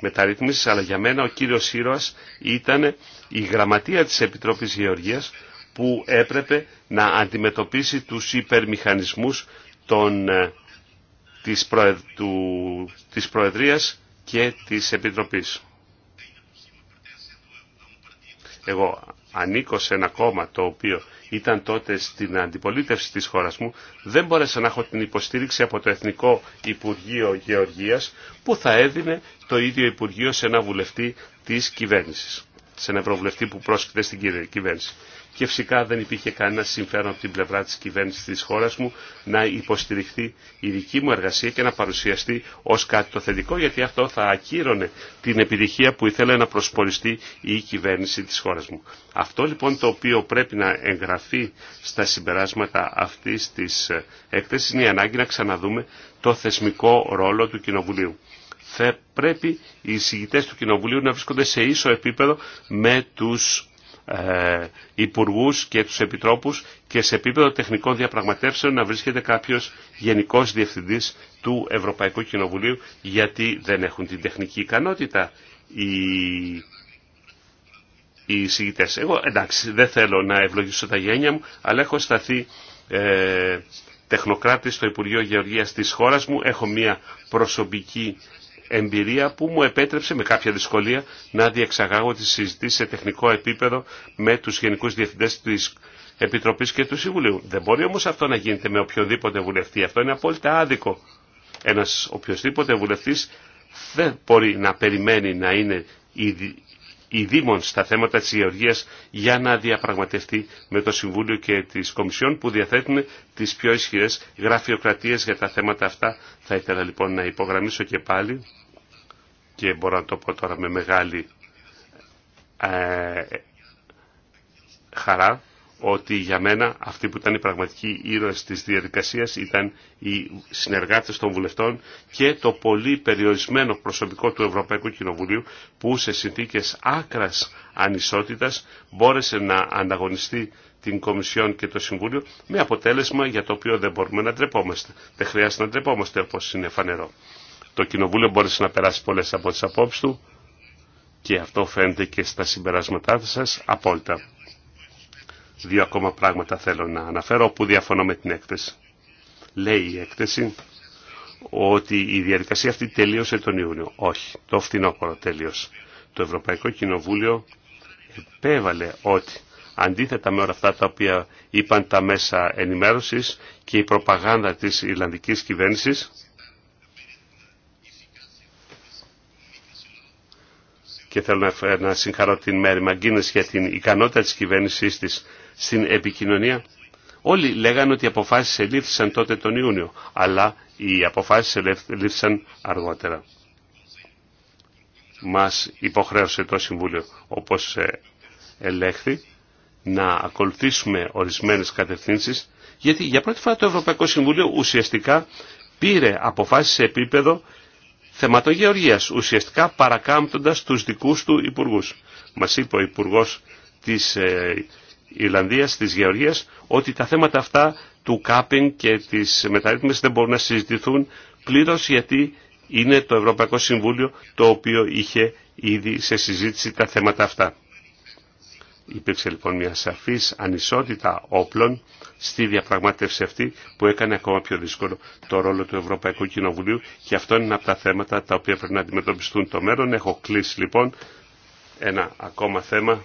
μεταρρύθμισης, αλλά για μένα ο κύριος ήρωας ήταν η γραμματεία της Επιτροπής Γεωργίας που έπρεπε να αντιμετωπίσει τους υπερμηχανισμούς των, ε, της, του, της Προεδρίας και της Επιτροπής. Εγώ ανήκω σε ένα κόμμα το οποίο ήταν τότε στην αντιπολίτευση της χώρας μου, δεν μπόρεσα να έχω την υποστήριξη από το Εθνικό Υπουργείο Γεωργίας που θα έδινε το ίδιο Υπουργείο σε ένα βουλευτή της κυβέρνησης σε έναν ευρωβουλευτή που πρόσκειται στην κυβέρνηση. Και φυσικά δεν υπήρχε κανένα συμφέρον από την πλευρά της κυβέρνησης της χώρας μου να υποστηριχθεί η δική μου εργασία και να παρουσιαστεί ως κάτι το θετικό γιατί αυτό θα ακύρωνε την επιτυχία που ήθελε να προσποριστεί η κυβέρνηση της χώρας μου. Αυτό λοιπόν το οποίο πρέπει να εγγραφεί στα συμπεράσματα αυτής της ε, έκθεσης είναι η ανάγκη να ξαναδούμε το θεσμικό ρόλο του Κοινοβουλίου θα πρέπει οι εισηγητές του Κοινοβουλίου να βρίσκονται σε ίσο επίπεδο με τους ε, υπουργού και τους επιτρόπους και σε επίπεδο τεχνικών διαπραγματεύσεων να βρίσκεται κάποιος γενικός διευθυντής του Ευρωπαϊκού Κοινοβουλίου γιατί δεν έχουν την τεχνική ικανότητα οι, οι Εγώ εντάξει δεν θέλω να ευλογήσω τα γένια μου αλλά έχω σταθεί ε, τεχνοκράτη στο Υπουργείο Γεωργίας της χώρας μου. Έχω μια προσωπική εμπειρία που μου επέτρεψε με κάποια δυσκολία να διεξαγάγω τη συζήτηση σε τεχνικό επίπεδο με τους γενικούς διευθυντές της Επιτροπής και του Συμβουλίου. Δεν μπορεί όμως αυτό να γίνεται με οποιοδήποτε βουλευτή. Αυτό είναι απόλυτα άδικο. Ένας οποιοδήποτε βουλευτής δεν μπορεί να περιμένει να είναι οι στα θέματα της γεωργίας για να διαπραγματευτεί με το Συμβούλιο και τις Κομισιόν που διαθέτουν τις πιο ισχυρές γραφειοκρατίες για τα θέματα αυτά. Θα ήθελα λοιπόν να υπογραμμίσω και πάλι και μπορώ να το πω τώρα με μεγάλη ε, χαρά ότι για μένα αυτοί που ήταν οι πραγματικοί ήρωες της διαδικασίας ήταν οι συνεργάτες των βουλευτών και το πολύ περιορισμένο προσωπικό του Ευρωπαϊκού Κοινοβουλίου που σε συνθήκες άκρας ανισότητας μπόρεσε να ανταγωνιστεί την Κομισιόν και το Συμβούλιο με αποτέλεσμα για το οποίο δεν μπορούμε να ντρεπόμαστε. Δεν χρειάζεται να ντρεπόμαστε όπως είναι φανερό. Το Κοινοβούλιο μπόρεσε να περάσει πολλές από τις απόψεις του και αυτό φαίνεται και στα συμπεράσματά σας απόλυτα. Δύο ακόμα πράγματα θέλω να αναφέρω που διαφωνώ με την έκθεση. Λέει η έκθεση ότι η διαδικασία αυτή τελείωσε τον Ιούνιο. Όχι, το φθινόπωρο τελείωσε. Το Ευρωπαϊκό Κοινοβούλιο επέβαλε ότι αντίθετα με όλα αυτά τα οποία είπαν τα μέσα ενημέρωσης και η προπαγάνδα της Ιρλανδικής κυβέρνησης και θέλω να συγχαρώ την Μέρη Μαγκίνες για την ικανότητα της κυβέρνησής της στην επικοινωνία. Όλοι λέγανε ότι οι αποφάσεις ελήφθησαν τότε τον Ιούνιο, αλλά οι αποφάσεις ελήφθησαν αργότερα. Μας υποχρέωσε το Συμβούλιο, όπως ε, ελέγχθη, να ακολουθήσουμε ορισμένες κατευθύνσεις, γιατί για πρώτη φορά το Ευρωπαϊκό Συμβούλιο ουσιαστικά πήρε αποφάσεις σε επίπεδο θεματογεωργίας, ουσιαστικά παρακάμπτοντας τους δικούς του υπουργούς. Μας είπε ο Υπουργός της ε, Ιρλανδίας, της Γεωργίας, ότι τα θέματα αυτά του κάπινγκ και της μεταρρύθμισης δεν μπορούν να συζητηθούν πλήρως γιατί είναι το Ευρωπαϊκό Συμβούλιο το οποίο είχε ήδη σε συζήτηση τα θέματα αυτά. Υπήρξε λοιπόν μια σαφής ανισότητα όπλων στη διαπραγμάτευση αυτή που έκανε ακόμα πιο δύσκολο το ρόλο του Ευρωπαϊκού Κοινοβουλίου και αυτό είναι ένα από τα θέματα τα οποία πρέπει να αντιμετωπιστούν το μέλλον. Έχω κλείσει λοιπόν ένα ακόμα θέμα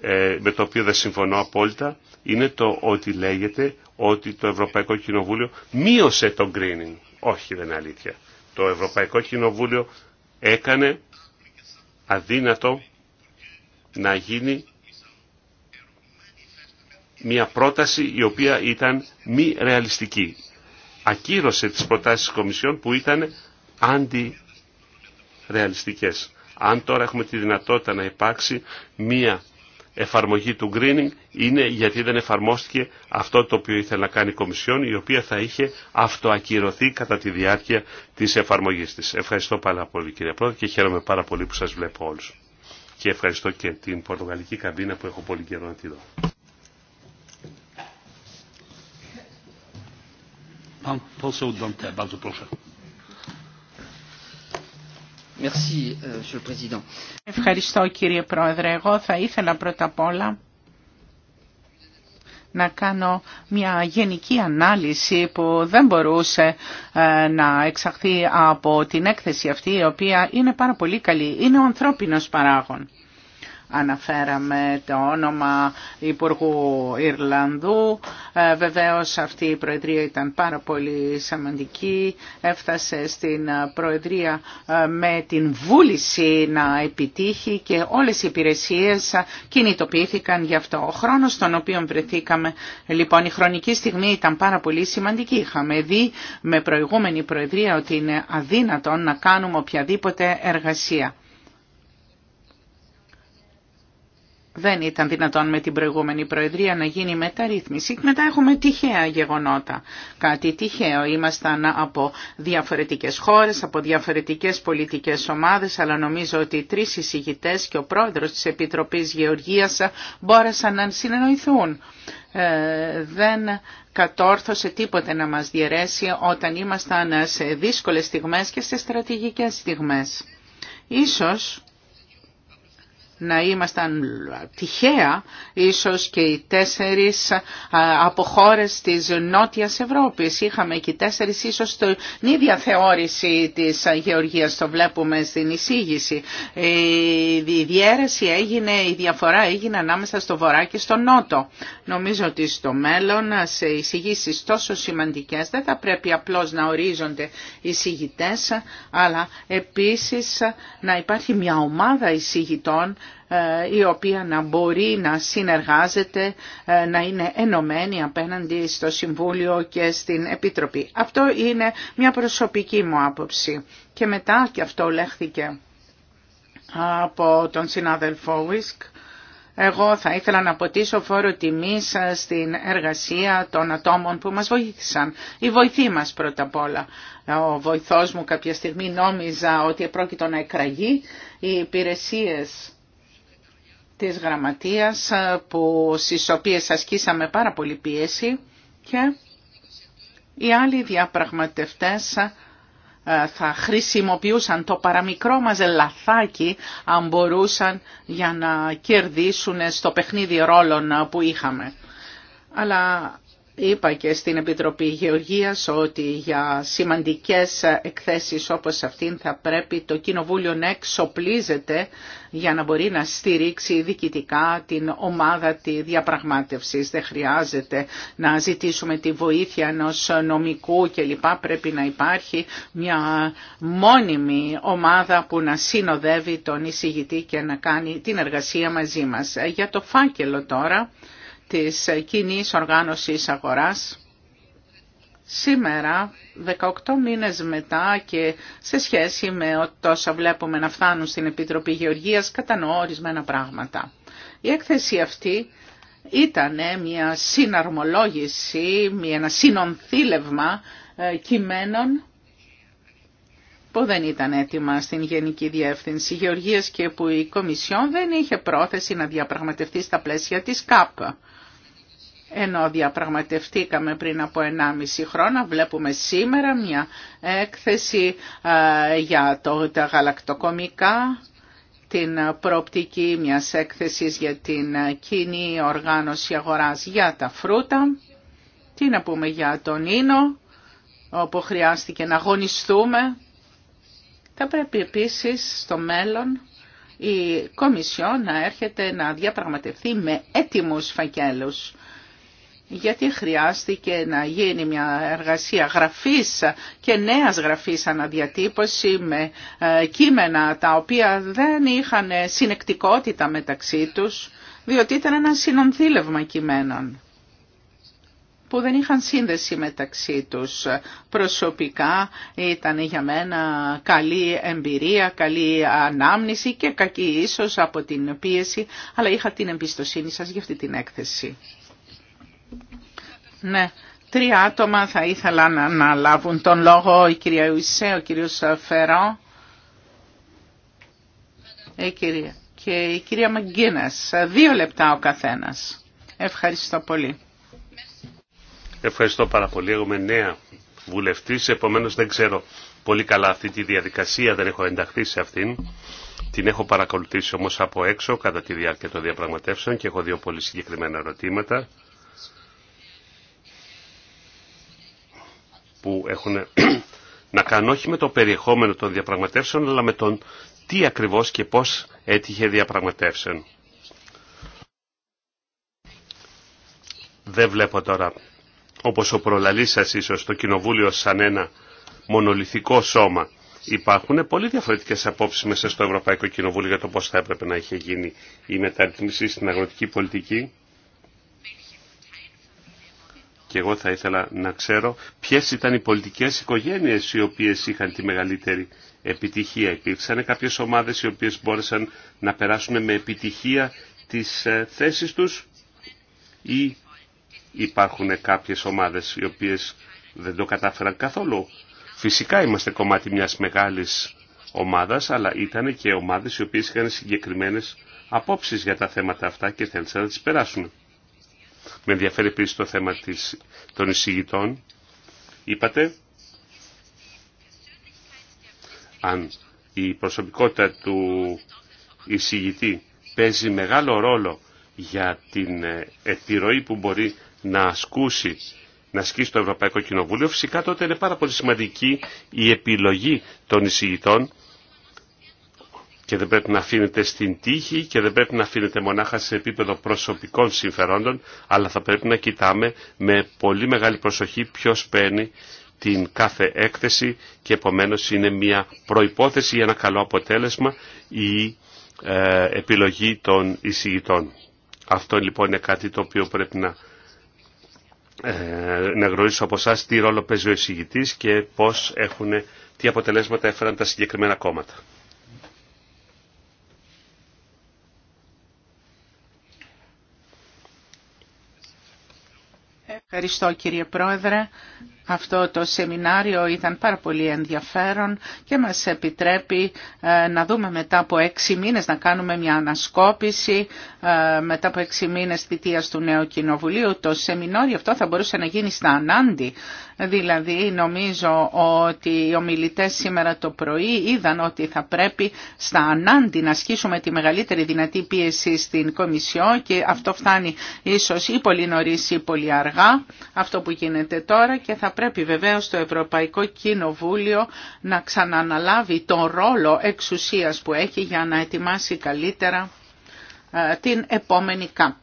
ε, με το οποίο δεν συμφωνώ απόλυτα είναι το ότι λέγεται ότι το Ευρωπαϊκό Κοινοβούλιο μείωσε το greening. Όχι δεν είναι αλήθεια. Το Ευρωπαϊκό Κοινοβούλιο έκανε αδύνατο να γίνει μια πρόταση η οποία ήταν μη ρεαλιστική. Ακύρωσε τις προτάσεις της Κομισιόν που ήταν αντιρεαλιστικές. Αν τώρα έχουμε τη δυνατότητα να υπάρξει μία εφαρμογή του greening είναι γιατί δεν εφαρμόστηκε αυτό το οποίο ήθελε να κάνει η Κομισιόν η οποία θα είχε αυτοακυρωθεί κατά τη διάρκεια της εφαρμογής της. Ευχαριστώ πάρα πολύ κύριε Πρόεδρε και χαίρομαι πάρα πολύ που σας βλέπω όλους. Και ευχαριστώ και την Πορτογαλική καμπίνα που έχω πολύ καιρό να τη δω. Ευχαριστώ κύριε Πρόεδρε. Εγώ θα ήθελα πρώτα απ' όλα να κάνω μια γενική ανάλυση που δεν μπορούσε ε, να εξαχθεί από την έκθεση αυτή, η οποία είναι πάρα πολύ καλή. Είναι ο ανθρώπινος παράγων αναφέραμε το όνομα Υπουργού Ιρλανδού. Ε, βεβαίως αυτή η Προεδρία ήταν πάρα πολύ σημαντική. Έφτασε στην Προεδρία ε, με την βούληση να επιτύχει και όλες οι υπηρεσίες κινητοποιήθηκαν γι' αυτό. Ο χρόνος στον οποίο βρεθήκαμε, λοιπόν, η χρονική στιγμή ήταν πάρα πολύ σημαντική. Είχαμε δει με προηγούμενη Προεδρία ότι είναι αδύνατο να κάνουμε οποιαδήποτε εργασία. δεν ήταν δυνατόν με την προηγούμενη Προεδρία να γίνει μεταρρύθμιση. Μετά έχουμε τυχαία γεγονότα. Κάτι τυχαίο. Ήμασταν από διαφορετικές χώρες, από διαφορετικές πολιτικές ομάδες, αλλά νομίζω ότι οι τρεις εισηγητές και ο πρόεδρος της Επιτροπής Γεωργίας μπόρεσαν να συνεννοηθούν. Ε, δεν κατόρθωσε τίποτε να μας διαιρέσει όταν ήμασταν σε δύσκολες στιγμές και σε στρατηγικές στιγμές. Ίσως να ήμασταν τυχαία ίσως και οι τέσσερις από χώρε της Νότιας Ευρώπης. Είχαμε και οι τέσσερις ίσως την ίδια θεώρηση της Γεωργίας, το βλέπουμε στην εισήγηση. Ε, η διαίρεση έγινε, η διαφορά έγινε ανάμεσα στο βορρά και στο νότο. Νομίζω ότι στο μέλλον σε εισηγήσεις τόσο σημαντικές δεν θα πρέπει απλώς να ορίζονται εισηγητές, αλλά επίσης να υπάρχει μια ομάδα εισηγητών ε, η οποία να μπορεί να συνεργάζεται, ε, να είναι ενωμένη απέναντι στο Συμβούλιο και στην Επίτροπη. Αυτό είναι μια προσωπική μου άποψη. Και μετά και αυτό λέχθηκε από τον συνάδελφο Βίσκ. Εγώ θα ήθελα να αποτίσω φόρο τιμής ε, στην εργασία των ατόμων που μας βοήθησαν. Η βοηθή μας πρώτα απ' όλα. Ο βοηθός μου κάποια στιγμή νόμιζα ότι επρόκειτο να εκραγεί οι υπηρεσίες της γραμματείας ε, που, στις οποίες ασκήσαμε πάρα πολύ πίεση και οι άλλοι διαπραγματευτές ε, θα χρησιμοποιούσαν το παραμικρό μας λαθάκι αν μπορούσαν για να κερδίσουν στο παιχνίδι ρόλων που είχαμε. Αλλά Είπα και στην Επιτροπή Γεωργίας ότι για σημαντικές εκθέσεις όπως αυτήν θα πρέπει το Κοινοβούλιο να εξοπλίζεται για να μπορεί να στηρίξει διοικητικά την ομάδα τη διαπραγμάτευσης. Δεν χρειάζεται να ζητήσουμε τη βοήθεια ενός νομικού κλπ. Πρέπει να υπάρχει μια μόνιμη ομάδα που να συνοδεύει τον εισηγητή και να κάνει την εργασία μαζί μας. Για το φάκελο τώρα της κοινή οργάνωσης αγοράς. Σήμερα, 18 μήνες μετά και σε σχέση με όσα βλέπουμε να φτάνουν στην Επιτροπή Γεωργίας, κατανοώ ορισμένα πράγματα. Η έκθεση αυτή ήταν μια συναρμολόγηση, ένα συνονθήλευμα ε, κειμένων που δεν ήταν έτοιμα στην Γενική Διεύθυνση Γεωργίας και που η Κομισιόν δεν είχε πρόθεση να διαπραγματευτεί στα πλαίσια της ΚΑΠ. Ενώ διαπραγματευτήκαμε πριν από 1,5 χρόνο, βλέπουμε σήμερα μια έκθεση για το, τα γαλακτοκομικά, την προοπτική μιας έκθεσης για την κοινή οργάνωση αγοράς για τα φρούτα. Τι να πούμε για τον Ίνο, όπου χρειάστηκε να αγωνιστούμε θα πρέπει επίσης στο μέλλον η Κομισιό να έρχεται να διαπραγματευτεί με έτοιμους φακέλους γιατί χρειάστηκε να γίνει μια εργασία γραφής και νέας γραφής αναδιατύπωση με ε, κείμενα τα οποία δεν είχαν συνεκτικότητα μεταξύ τους, διότι ήταν ένα συνονθήλευμα κειμένων που δεν είχαν σύνδεση μεταξύ τους. Προσωπικά ήταν για μένα καλή εμπειρία, καλή ανάμνηση και κακή ίσως από την πίεση, αλλά είχα την εμπιστοσύνη σας για αυτή την έκθεση. Ναι. Τρία άτομα θα ήθελα να, λάβουν τον λόγο, η κυρία Ιουσέ, ο κύριος Φερό η ε, κυρία. και η κυρία Μαγκίνας. Δύο λεπτά ο καθένας. Ευχαριστώ πολύ. Ευχαριστώ πάρα πολύ. Εγώ νέα βουλευτής, Επομένω δεν ξέρω πολύ καλά αυτή τη διαδικασία, δεν έχω ενταχθεί σε αυτήν. Την έχω παρακολουθήσει όμως από έξω κατά τη διάρκεια των διαπραγματεύσεων και έχω δύο πολύ συγκεκριμένα ερωτήματα που έχουν να κάνουν όχι με το περιεχόμενο των διαπραγματεύσεων αλλά με τον τι ακριβώς και πώς έτυχε διαπραγματεύσεων. Δεν βλέπω τώρα όπως ο προλαλής σας ίσως το κοινοβούλιο σαν ένα μονολυθικό σώμα. Υπάρχουν πολύ διαφορετικές απόψεις μέσα στο Ευρωπαϊκό Κοινοβούλιο για το πώς θα έπρεπε να είχε γίνει η μεταρρύθμιση στην αγροτική πολιτική. Και εγώ θα ήθελα να ξέρω ποιες ήταν οι πολιτικές οικογένειες οι οποίες είχαν τη μεγαλύτερη επιτυχία. Υπήρξαν κάποιες ομάδες οι οποίες μπόρεσαν να περάσουν με επιτυχία τις ε, θέσεις τους ή υπάρχουν κάποιες ομάδες οι οποίες δεν το κατάφεραν καθόλου. Φυσικά είμαστε κομμάτι μιας μεγάλης ομάδας, αλλά ήταν και ομάδες οι οποίες είχαν συγκεκριμένες απόψεις για τα θέματα αυτά και θέλησαν να τις περάσουν. Με ενδιαφέρει επίση το θέμα της, των εισηγητών. Είπατε, αν η προσωπικότητα του εισηγητή παίζει μεγάλο ρόλο για την ε, επιρροή που μπορεί να ασκούσει να ασκήσει το Ευρωπαϊκό Κοινοβούλιο, φυσικά τότε είναι πάρα πολύ σημαντική η επιλογή των εισηγητών και δεν πρέπει να αφήνεται στην τύχη και δεν πρέπει να αφήνεται μονάχα σε επίπεδο προσωπικών συμφερόντων, αλλά θα πρέπει να κοιτάμε με πολύ μεγάλη προσοχή ποιος παίρνει την κάθε έκθεση και επομένως είναι μια προϋπόθεση για ένα καλό αποτέλεσμα η ε, επιλογή των εισηγητών. Αυτό λοιπόν είναι κάτι το οποίο πρέπει να ε, να γνωρίσω από εσά τι ρόλο παίζει ο εισηγητή και πώς έχουν, τι αποτελέσματα έφεραν τα συγκεκριμένα κόμματα. Ευχαριστώ κύριε Πρόεδρε. Αυτό το σεμινάριο ήταν πάρα πολύ ενδιαφέρον και μας επιτρέπει ε, να δούμε μετά από έξι μήνες, να κάνουμε μια ανασκόπηση ε, μετά από έξι μήνες θητείας του νέου κοινοβουλίου. Το σεμινάριο αυτό θα μπορούσε να γίνει στα Ανάντι Δηλαδή νομίζω ότι οι ομιλητές σήμερα το πρωί είδαν ότι θα πρέπει στα ανάντι να ασκήσουμε τη μεγαλύτερη δυνατή πίεση στην Κομισιό και αυτό φτάνει ίσως ή πολύ νωρίς ή πολύ αργά αυτό που γίνεται τώρα και θα πρέπει βεβαίως το Ευρωπαϊκό Κοινοβούλιο να ξαναναλάβει τον ρόλο εξουσίας που έχει για να ετοιμάσει καλύτερα ε, την επόμενη ΚΑΠ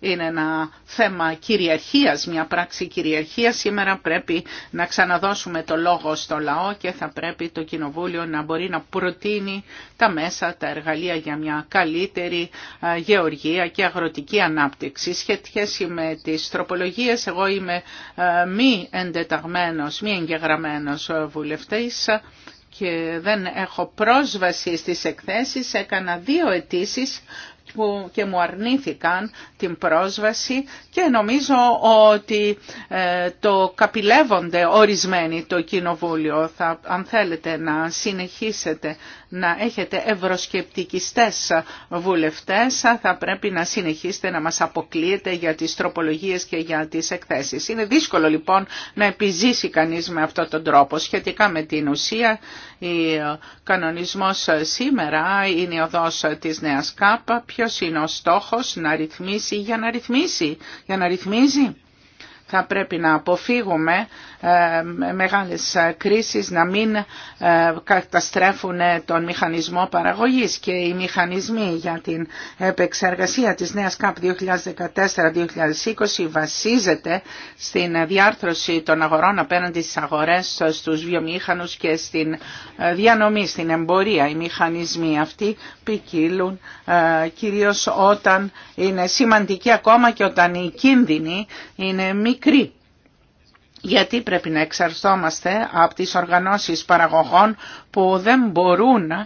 είναι ένα θέμα κυριαρχίας, μια πράξη κυριαρχίας. Σήμερα πρέπει να ξαναδώσουμε το λόγο στο λαό και θα πρέπει το Κοινοβούλιο να μπορεί να προτείνει τα μέσα, τα εργαλεία για μια καλύτερη γεωργία και αγροτική ανάπτυξη. Σχετικές με τις τροπολογίες, εγώ είμαι μη εντεταγμένος, μη εγγεγραμμένος βουλευτής και δεν έχω πρόσβαση στις εκθέσεις. Έκανα δύο αιτήσει που και μου αρνήθηκαν την πρόσβαση και νομίζω ότι ε, το καπηλεύονται ορισμένοι το κοινοβούλιο. Θα, αν θέλετε να συνεχίσετε να έχετε ευροσκεπτικιστές βουλευτές, θα πρέπει να συνεχίσετε να μας αποκλείετε για τις τροπολογίες και για τις εκθέσεις. Είναι δύσκολο λοιπόν να επιζήσει κανείς με αυτόν τον τρόπο. Σχετικά με την ουσία, ο ε, κανονισμός σήμερα είναι η οδός της νέας ποιος είναι ο στόχος να ρυθμίσει για να ρυθμίσει, για να ρυθμίζει. Θα πρέπει να αποφύγουμε ε, μεγάλες κρίσεις να μην ε, καταστρέφουν τον μηχανισμό παραγωγής και οι μηχανισμοί για την επεξεργασία της νέας ΚΑΠ 2014-2020 βασίζεται στην διάρθρωση των αγορών απέναντι στις αγορές, στους βιομήχανους και στην ε, διανομή, στην εμπορία. Οι μηχανισμοί αυτοί ποικίλουν κυρίως όταν είναι σημαντικοί ακόμα και όταν οι κίνδυνοι είναι μικροί γιατί πρέπει να εξαρθόμαστε από τις οργανώσεις παραγωγών που δεν μπορούν ε,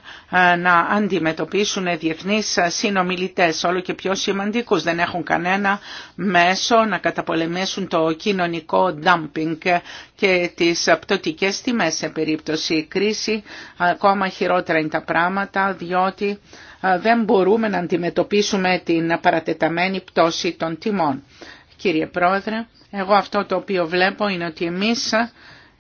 να αντιμετωπίσουν διεθνείς ε, συνομιλητές, όλο και πιο σημαντικούς. Δεν έχουν κανένα μέσο να καταπολεμήσουν το κοινωνικό dumping και τις πτωτικές τιμές σε περίπτωση κρίση. Ακόμα χειρότερα είναι τα πράγματα, διότι ε, δεν μπορούμε να αντιμετωπίσουμε την παρατεταμένη πτώση των τιμών. Κύριε Πρόεδρε. Εγώ αυτό το οποίο βλέπω είναι ότι εμείς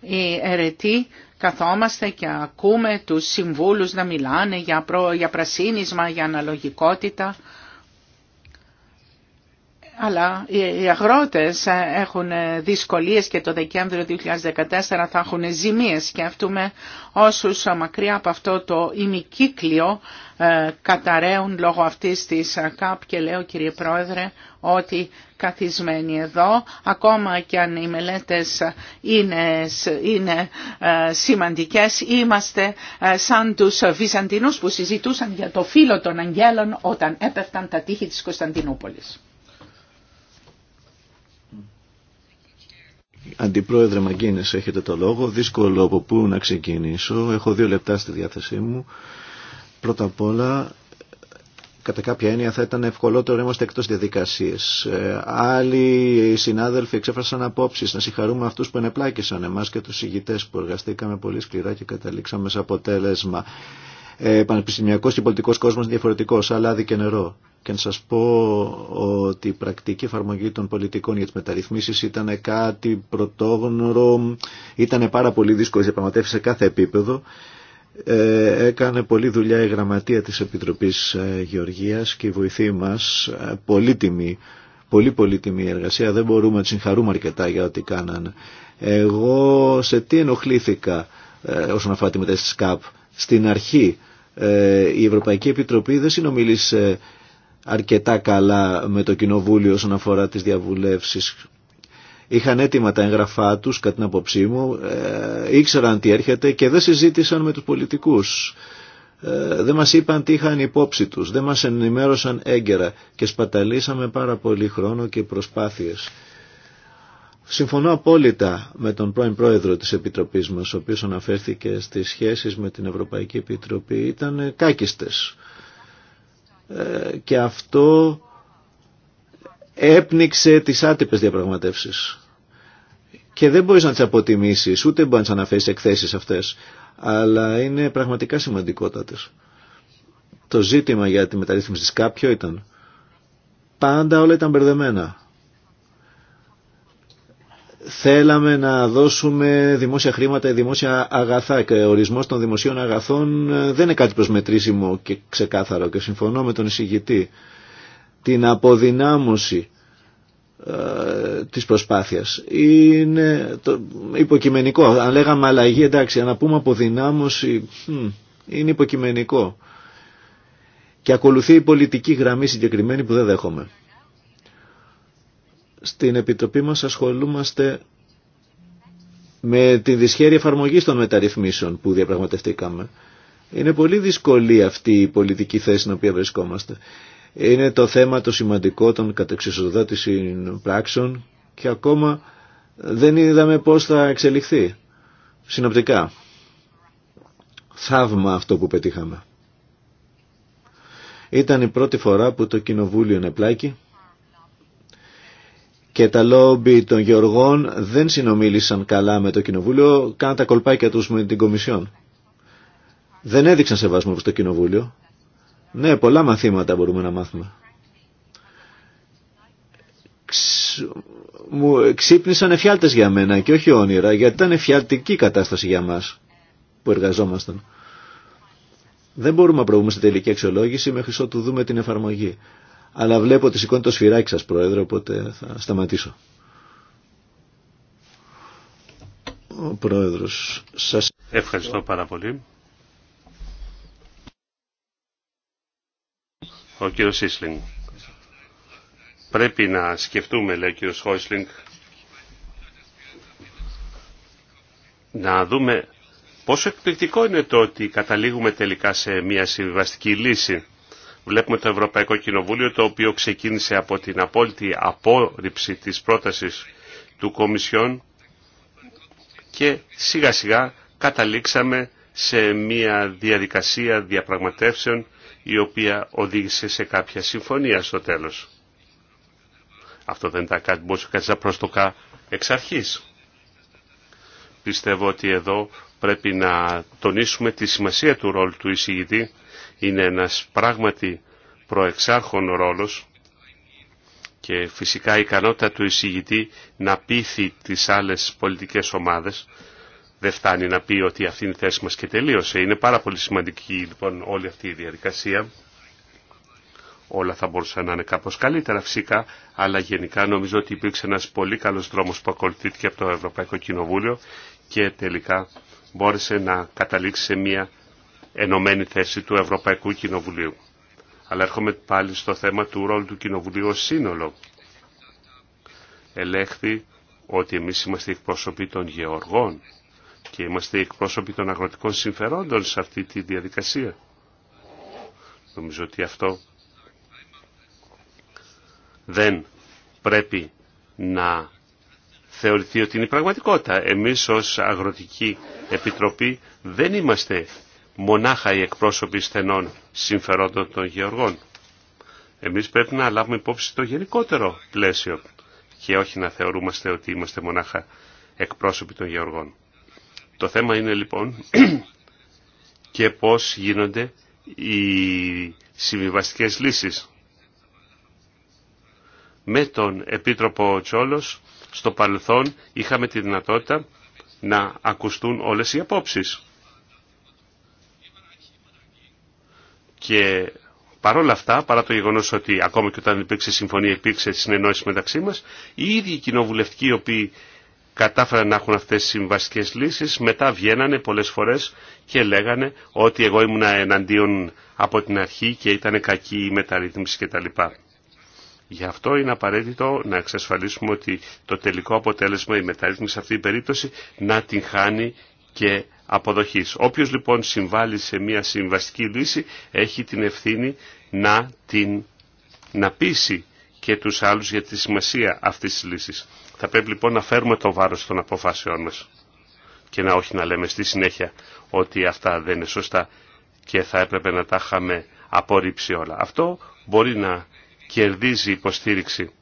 οι αιρετοί καθόμαστε και ακούμε τους συμβούλους να μιλάνε για, προ, για πρασίνισμα, για αναλογικότητα. Αλλά οι αγρότες έχουν δυσκολίες και το Δεκέμβριο 2014 θα έχουν ζημίες και όσους μακριά από αυτό το ημικύκλιο ε, καταραίουν λόγω αυτής της ΚΑΠ και λέω κύριε Πρόεδρε ότι καθισμένοι εδώ, ακόμα και αν οι μελέτες είναι, είναι ε, σημαντικές, είμαστε ε, σαν τους Βυζαντινούς που συζητούσαν για το φύλλο των αγγέλων όταν έπεφταν τα τείχη της Κωνσταντινούπολης. Αντιπρόεδρε Μαγκίνες, έχετε το λόγο. Δύσκολο από πού να ξεκινήσω. Έχω δύο λεπτά στη διάθεσή μου. Πρώτα απ' όλα κατά κάποια έννοια θα ήταν ευκολότερο να είμαστε εκτός διαδικασίες. Ε, άλλοι συνάδελφοι εξέφρασαν απόψεις. Να συγχαρούμε αυτούς που ενεπλάκησαν εμάς και τους ηγητές που εργαστήκαμε πολύ σκληρά και καταλήξαμε σε αποτέλεσμα. Ε, πανεπιστημιακός και πολιτικός κόσμος είναι διαφορετικός, αλλά άδει και νερό. Και να σας πω ότι η πρακτική εφαρμογή των πολιτικών για τις μεταρρυθμίσεις ήταν κάτι πρωτόγνωρο, ήταν πάρα πολύ δύσκολο διαπραγματεύσει σε κάθε επίπεδο ε, έκανε πολλή δουλειά η γραμματεία της Επιτροπής ε, Γεωργίας και η βοηθή μας ε, πολύτιμη, πολύ πολύτιμη εργασία. Δεν μπορούμε να συγχαρούμε αρκετά για ό,τι κάνανε. Εγώ σε τι ενοχλήθηκα όσον αφορά τη μετάσταση της ΚΑΠ. Στην αρχή η Ευρωπαϊκή Επιτροπή δεν συνομιλήσε αρκετά καλά με το Κοινοβούλιο όσον αφορά τις διαβουλεύσεις είχαν έτοιμα τα έγγραφά τους, κατά την απόψή μου, ε, ήξεραν τι έρχεται και δεν συζήτησαν με τους πολιτικούς. Ε, δεν μας είπαν τι είχαν υπόψη τους, δεν μας ενημέρωσαν έγκαιρα και σπαταλήσαμε πάρα πολύ χρόνο και προσπάθειες. Συμφωνώ απόλυτα με τον πρώην πρόεδρο της Επιτροπής μας, ο οποίος αναφέρθηκε στις σχέσεις με την Ευρωπαϊκή Επιτροπή, ήταν κάκιστες. Ε, και αυτό έπνιξε τις άτυπες διαπραγματεύσεις και δεν μπορείς να τις αποτιμήσεις, ούτε μπορείς να αναφέρεις εκθέσεις αυτές, αλλά είναι πραγματικά σημαντικότατες. Το ζήτημα για τη μεταρρύθμιση της κάποιο ήταν. Πάντα όλα ήταν μπερδεμένα. Θέλαμε να δώσουμε δημόσια χρήματα ή δημόσια αγαθά και ο ορισμός των δημοσίων αγαθών ε, δεν είναι κάτι προσμετρήσιμο και ξεκάθαρο και συμφωνώ με τον εισηγητή. Την αποδυνάμωση ε, της προσπάθειας. Είναι το, υποκειμενικό. Αν λέγαμε αλλαγή, εντάξει, να πούμε αποδυνάμωση, είναι υποκειμενικό. Και ακολουθεί η πολιτική γραμμή συγκεκριμένη που δεν δέχομαι. Στην Επιτροπή μας ασχολούμαστε με τη δυσχέρεια εφαρμογή των μεταρρυθμίσεων που διαπραγματευτήκαμε. Είναι πολύ δυσκολή αυτή η πολιτική θέση στην οποία βρισκόμαστε είναι το θέμα το σημαντικό των κατεξοδότησης πράξεων και ακόμα δεν είδαμε πώς θα εξελιχθεί συνοπτικά. Θαύμα αυτό που πετύχαμε. Ήταν η πρώτη φορά που το κοινοβούλιο είναι πλάκι και τα λόμπι των γεωργών δεν συνομίλησαν καλά με το κοινοβούλιο, κάναν τα κολπάκια τους με την Κομισιόν. Δεν έδειξαν σεβασμό προς το κοινοβούλιο. Ναι, πολλά μαθήματα μπορούμε να μάθουμε. Μου ξύπνησαν εφιάλτες για μένα και όχι όνειρα, γιατί ήταν εφιαλτική κατάσταση για μας που εργαζόμασταν. Δεν μπορούμε να προβούμε σε τελική αξιολόγηση μέχρι ότου δούμε την εφαρμογή. Αλλά βλέπω ότι σηκώνει το σφυράκι σας, Πρόεδρε, οπότε θα σταματήσω. Ο Πρόεδρος, σας ευχαριστώ πάρα πολύ. Ο κύριος Σίσλινγκ. Πρέπει να σκεφτούμε, λέει ο κύριος Χόισλινγκ, να δούμε πόσο εκπληκτικό είναι το ότι καταλήγουμε τελικά σε μια συμβιβαστική λύση. Βλέπουμε το Ευρωπαϊκό Κοινοβούλιο το οποίο ξεκίνησε από την απόλυτη απόρριψη της πρότασης του Κομισιόν και σιγά σιγά καταλήξαμε σε μια διαδικασία διαπραγματεύσεων η οποία οδήγησε σε κάποια συμφωνία στο τέλος. Αυτό δεν τα κάτι που μπορούσε το να προστοκά εξ αρχής. Πιστεύω ότι εδώ πρέπει να τονίσουμε τη σημασία του ρόλου του εισηγητή. Είναι ένας πράγματι προεξάρχων ρόλος και φυσικά η ικανότητα του εισηγητή να πείθει τις άλλες πολιτικές ομάδες δεν φτάνει να πει ότι αυτή είναι η θέση μας και τελείωσε. Είναι πάρα πολύ σημαντική λοιπόν όλη αυτή η διαδικασία. Όλα θα μπορούσαν να είναι κάπως καλύτερα φυσικά, αλλά γενικά νομίζω ότι υπήρξε ένας πολύ καλός δρόμος που ακολουθήθηκε από το Ευρωπαϊκό Κοινοβούλιο και τελικά μπόρεσε να καταλήξει σε μια ενωμένη θέση του Ευρωπαϊκού Κοινοβουλίου. Αλλά έρχομαι πάλι στο θέμα του ρόλου του Κοινοβουλίου ως σύνολο. Ελέγχθη ότι εμείς είμαστε εκπρόσωποι των γεωργών και είμαστε εκπρόσωποι των αγροτικών συμφερόντων σε αυτή τη διαδικασία. Νομίζω ότι αυτό δεν πρέπει να θεωρηθεί ότι είναι η πραγματικότητα. Εμείς ως Αγροτική Επιτροπή δεν είμαστε μονάχα οι εκπρόσωποι στενών συμφερόντων των γεωργών. Εμείς πρέπει να λάβουμε υπόψη το γενικότερο πλαίσιο και όχι να θεωρούμαστε ότι είμαστε μονάχα εκπρόσωποι των γεωργών. Το θέμα είναι λοιπόν και πώς γίνονται οι συμβιβαστικές λύσεις. Με τον Επίτροπο Τσόλος στο παρελθόν είχαμε τη δυνατότητα να ακουστούν όλες οι απόψεις. Και παρόλα αυτά, παρά το γεγονός ότι ακόμα και όταν υπήρξε συμφωνία υπήρξε συνεννόηση μεταξύ μας, οι ίδιοι οι κοινοβουλευτικοί οι οποίοι κατάφεραν να έχουν αυτές τις συμβαστικές λύσεις, μετά βγαίνανε πολλές φορές και λέγανε ότι εγώ ήμουν εναντίον από την αρχή και ήταν κακή η μεταρρύθμιση κτλ. Γι' αυτό είναι απαραίτητο να εξασφαλίσουμε ότι το τελικό αποτέλεσμα, η μεταρρύθμιση σε αυτή την περίπτωση, να την χάνει και αποδοχής. Όποιος λοιπόν συμβάλλει σε μια συμβαστική λύση έχει την ευθύνη να την να πείσει και τους άλλους για τη σημασία αυτής της λύσης. Θα πρέπει λοιπόν να φέρουμε το βάρος των αποφάσεών μας και να όχι να λέμε στη συνέχεια ότι αυτά δεν είναι σωστά και θα έπρεπε να τα είχαμε απορρίψει όλα. Αυτό μπορεί να κερδίζει υποστήριξη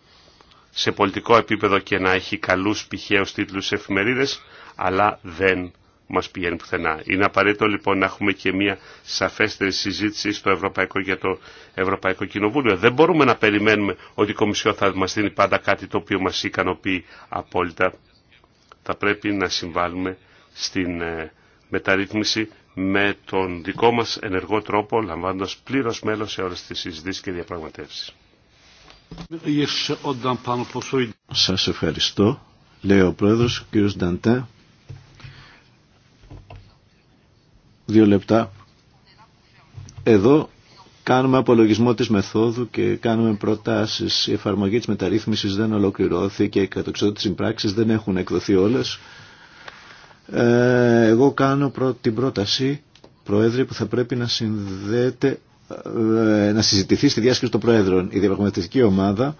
σε πολιτικό επίπεδο και να έχει καλούς πηχαίους τίτλους σε εφημερίδες, αλλά δεν Μα πηγαίνει πουθενά. Είναι απαραίτητο λοιπόν να έχουμε και μια σαφέστερη συζήτηση στο Ευρωπαϊκό για το Ευρωπαϊκό Κοινοβούλιο. Δεν μπορούμε να περιμένουμε ότι η Κομισιό θα μα δίνει πάντα κάτι το οποίο μα ικανοποιεί απόλυτα. Θα πρέπει να συμβάλλουμε στην ε, μεταρρύθμιση με τον δικό μα ενεργό τρόπο, λαμβάνοντα πλήρω μέλο σε όλε τι συζητήσει και διαπραγματεύσει. Σας ευχαριστώ, λέει ο Πρόεδρος, κύριος Νταντέ. Δύο λεπτά. Εδώ κάνουμε απολογισμό της μεθόδου και κάνουμε προτάσεις. Η εφαρμογή της μεταρρύθμισης δεν ολοκληρώθηκε, και οι της συμπράξεις δεν έχουν εκδοθεί όλες. Ε, εγώ κάνω την πρόταση, Προέδρε, που θα πρέπει να συνδέεται, ε, να συζητηθεί στη διάσκεψη των Προέδρων. Η διαπραγματευτική ομάδα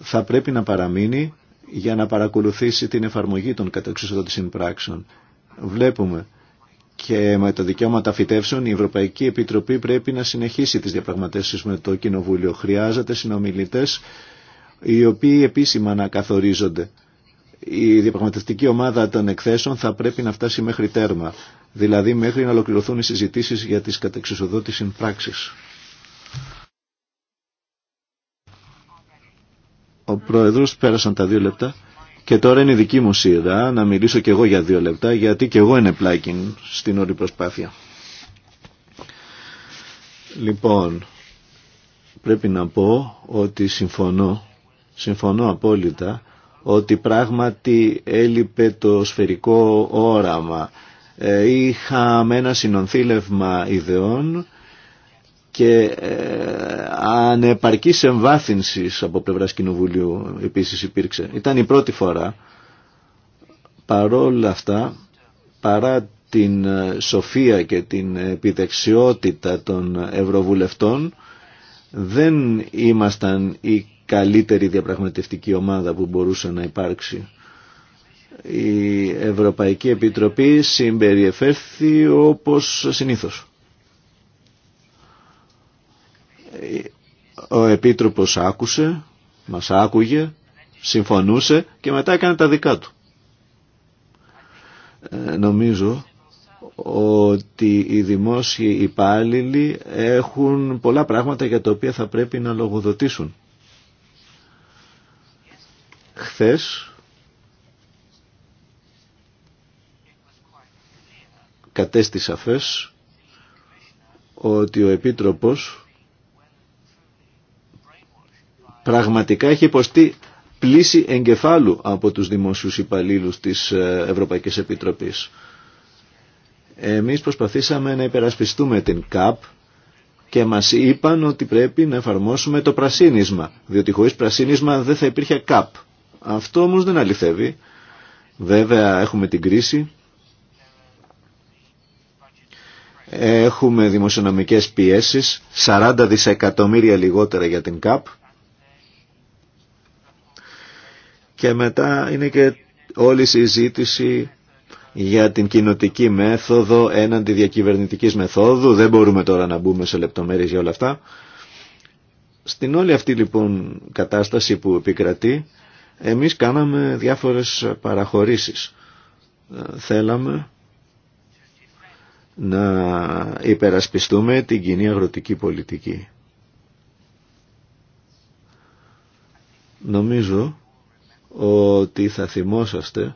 θα πρέπει να παραμείνει για να παρακολουθήσει την εφαρμογή των κατοξιδότητες συμπράξεων. Βλέπουμε και με τα δικαιώματα τα φυτεύσεων η Ευρωπαϊκή Επιτροπή πρέπει να συνεχίσει τις διαπραγματεύσεις με το Κοινοβούλιο. Χρειάζεται συνομιλητές οι οποίοι επίσημα να καθορίζονται. Η διαπραγματευτική ομάδα των εκθέσεων θα πρέπει να φτάσει μέχρι τέρμα, δηλαδή μέχρι να ολοκληρωθούν οι συζητήσεις για τις κατεξουσοδότης πράξεις. Ο Πρόεδρος πέρασαν τα δύο λεπτά. Και τώρα είναι η δική μου σειρά να μιλήσω και εγώ για δύο λεπτά γιατί και εγώ είναι πλάκιν στην όλη προσπάθεια. Λοιπόν, πρέπει να πω ότι συμφωνώ, συμφωνώ απόλυτα ότι πράγματι έλειπε το σφαιρικό όραμα. Ε, είχαμε ένα συνονθήλευμα ιδεών και ε, ανεπαρκής εμβάθυνσης από πλευράς Κοινοβουλίου επίσης υπήρξε. Ήταν η πρώτη φορά παρόλα αυτά παρά την ε, σοφία και την επιδεξιότητα των Ευρωβουλευτών δεν ήμασταν η καλύτερη διαπραγματευτική ομάδα που μπορούσε να υπάρξει. Η Ευρωπαϊκή Επιτροπή συμπεριεφέρθη όπως συνήθως. Ο Επίτροπος άκουσε, μας άκουγε, συμφωνούσε και μετά έκανε τα δικά του. Ε, νομίζω ότι οι δημόσιοι υπάλληλοι έχουν πολλά πράγματα για τα οποία θα πρέπει να λογοδοτήσουν. Χθες κατέστησα φες ότι ο Επίτροπος πραγματικά έχει υποστεί πλήση εγκεφάλου από τους δημόσιους υπαλλήλους της ε, Ευρωπαϊκής Επιτροπής. Εμείς προσπαθήσαμε να υπερασπιστούμε την ΚΑΠ και μας είπαν ότι πρέπει να εφαρμόσουμε το πρασίνισμα, διότι χωρίς πρασίνισμα δεν θα υπήρχε ΚΑΠ. Αυτό όμως δεν αληθεύει. Βέβαια έχουμε την κρίση, έχουμε δημοσιονομικές πιέσεις, 40 δισεκατομμύρια λιγότερα για την ΚΑΠ, Και μετά είναι και όλη η συζήτηση για την κοινοτική μέθοδο έναντι διακυβερνητικής μεθόδου. Δεν μπορούμε τώρα να μπούμε σε λεπτομέρειες για όλα αυτά. Στην όλη αυτή λοιπόν κατάσταση που επικρατεί, εμείς κάναμε διάφορες παραχωρήσεις. Θέλαμε να υπερασπιστούμε την κοινή αγροτική πολιτική. Νομίζω ότι θα θυμόσαστε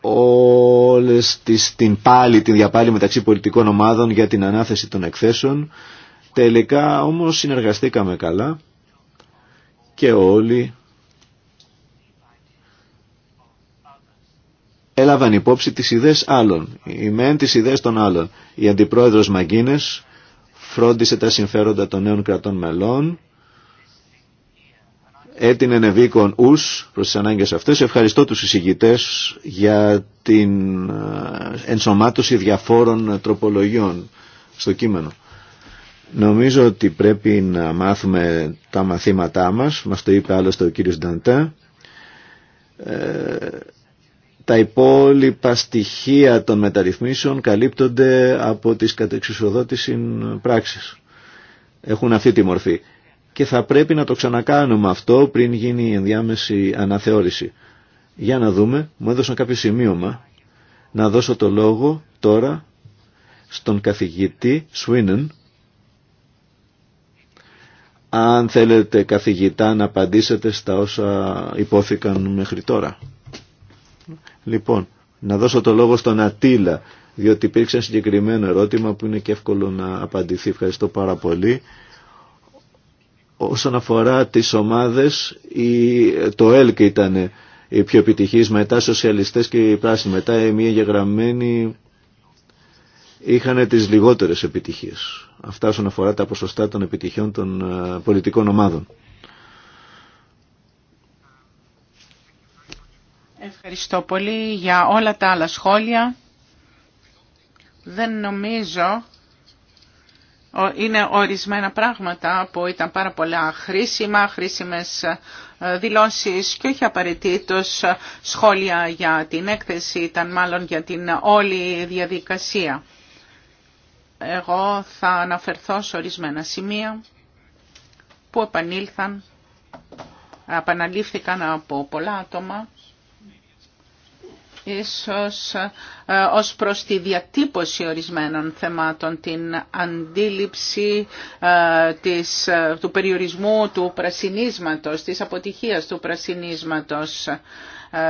όλες τις, την πάλι την διαπάλη μεταξύ πολιτικών ομάδων για την ανάθεση των εκθέσεων. Τελικά όμως συνεργαστήκαμε καλά και όλοι έλαβαν υπόψη τις ιδέες άλλων, οι μεν τις ιδέες των άλλων. Η Αντιπρόεδρος Μαγκίνες φρόντισε τα συμφέροντα των νέων κρατών μελών έτεινε νεβίκον ους προς τις ανάγκες αυτές. Ευχαριστώ τους εισηγητές για την ε, ενσωμάτωση διαφόρων τροπολογιών στο κείμενο. Νομίζω ότι πρέπει να μάθουμε τα μαθήματά μας, μας το είπε άλλωστε ο κύριος Νταντέ. Ε, τα υπόλοιπα στοιχεία των μεταρρυθμίσεων καλύπτονται από τις κατεξουσιοδότηση πράξεις. Έχουν αυτή τη μορφή και θα πρέπει να το ξανακάνουμε αυτό πριν γίνει η ενδιάμεση αναθεώρηση. Για να δούμε, μου έδωσαν κάποιο σημείωμα να δώσω το λόγο τώρα στον καθηγητή Σουίνεν. Αν θέλετε καθηγητά να απαντήσετε στα όσα υπόθηκαν μέχρι τώρα. Λοιπόν, να δώσω το λόγο στον Ατήλα, διότι υπήρξε ένα συγκεκριμένο ερώτημα που είναι και εύκολο να απαντηθεί. Ευχαριστώ πάρα πολύ. Όσον αφορά τις ομάδες, το ΕΛΚ ήταν οι πιο επιτυχής, μετά σοσιαλιστές και οι πράσινοι, μετά οι μία γεγραμμένοι είχαν τις λιγότερες επιτυχίες. Αυτά όσον αφορά τα ποσοστά των επιτυχιών των ε, πολιτικών ομάδων. Ευχαριστώ πολύ για όλα τα άλλα σχόλια. Δεν νομίζω είναι ορισμένα πράγματα που ήταν πάρα πολλά χρήσιμα, χρήσιμες ε, δηλώσεις και όχι απαραίτητο ε, σχόλια για την έκθεση, ήταν μάλλον για την όλη διαδικασία. Εγώ θα αναφερθώ σε ορισμένα σημεία που επανήλθαν, επαναλήφθηκαν από πολλά άτομα ίσως ε, ως προς τη διατύπωση ορισμένων θεμάτων, την αντίληψη ε, της, ε, του περιορισμού του πρασινίσματος, της αποτυχίας του πρασινίσματος.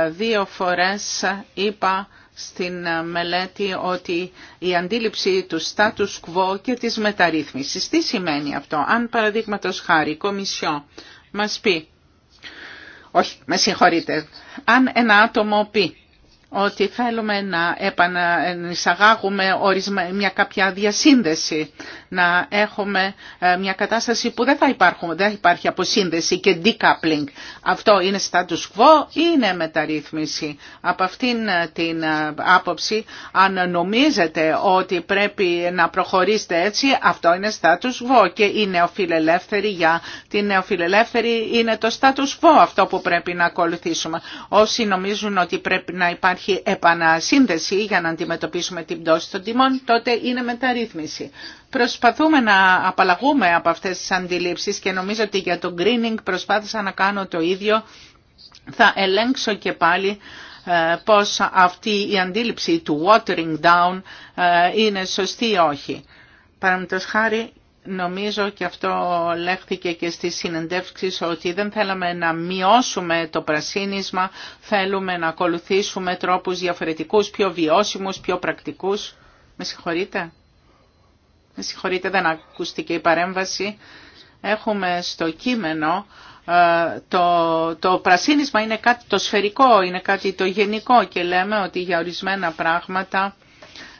Δύο φορές είπα στην μελέτη ότι η αντίληψη του status quo και της μεταρρύθμισης. Τι σημαίνει αυτό, αν παραδείγματο χάρη η Κομισιό μας πει, όχι, με συγχωρείτε, αν ένα άτομο πει ότι θέλουμε να επανεισαγάγουμε μια κάποια διασύνδεση, να έχουμε ε, μια κατάσταση που δεν θα υπάρχουν, δεν υπάρχει αποσύνδεση και decoupling. Αυτό είναι status quo ή είναι μεταρρύθμιση. Από αυτήν ε, την ε, άποψη, αν νομίζετε ότι πρέπει να προχωρήσετε έτσι, αυτό είναι status quo και η νεοφιλελεύθερη για την νεοφιλελεύθερη είναι το status quo αυτό που πρέπει να ακολουθήσουμε. Όσοι νομίζουν ότι πρέπει να υπάρχει υπάρχει επανασύνδεση για να αντιμετωπίσουμε την πτώση των τιμών, τότε είναι μεταρρύθμιση. Προσπαθούμε να απαλλαγούμε από αυτές τις αντιλήψεις και νομίζω ότι για το greening προσπάθησα να κάνω το ίδιο. Θα ελέγξω και πάλι ε, πως αυτή η αντίληψη του watering down ε, είναι σωστή ή όχι. Παραμετός χάρη Νομίζω και αυτό λέχθηκε και στις συνεντεύξεις ότι δεν θέλαμε να μειώσουμε το πρασίνισμα, θέλουμε να ακολουθήσουμε τρόπους διαφορετικούς, πιο βιώσιμους, πιο πρακτικούς. Με συγχωρείτε. Με συγχωρείτε, δεν ακούστηκε η παρέμβαση. Έχουμε στο κείμενο ε, το, το πρασίνισμα είναι κάτι το σφαιρικό, είναι κάτι το γενικό και λέμε ότι για ορισμένα πράγματα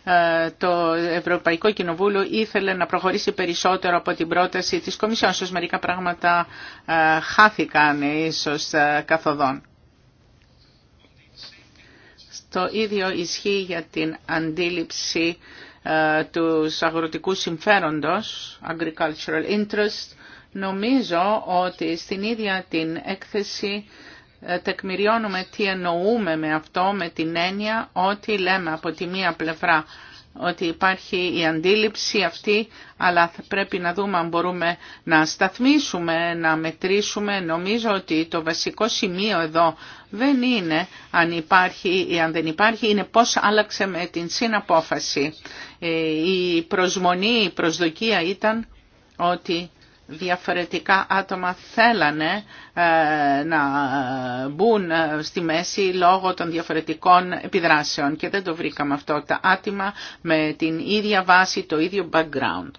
ε, το Ευρωπαϊκό Κοινοβούλιο ήθελε να προχωρήσει περισσότερο από την πρόταση της Κομισιόν. σω μερικά πράγματα ε, χάθηκαν ίσως ε, καθοδόν. Στο ίδιο ισχύει για την αντίληψη του αγροτικού συμφέροντος, agricultural interest. Νομίζω ότι στην ίδια την έκθεση ε, τεκμηριώνουμε τι εννοούμε με αυτό, με την έννοια ότι λέμε από τη μία πλευρά ότι υπάρχει η αντίληψη αυτή, αλλά πρέπει να δούμε αν μπορούμε να σταθμίσουμε, να μετρήσουμε. Νομίζω ότι το βασικό σημείο εδώ δεν είναι αν υπάρχει ή αν δεν υπάρχει, είναι πώς άλλαξε με την συναπόφαση. Ε, η προσμονή, η προσδοκία ήταν ότι διαφορετικά άτομα θέλανε ε, να μπουν ε, στη μέση λόγω των διαφορετικών επιδράσεων και δεν το βρήκαμε αυτό τα άτομα με την ίδια βάση, το ίδιο background.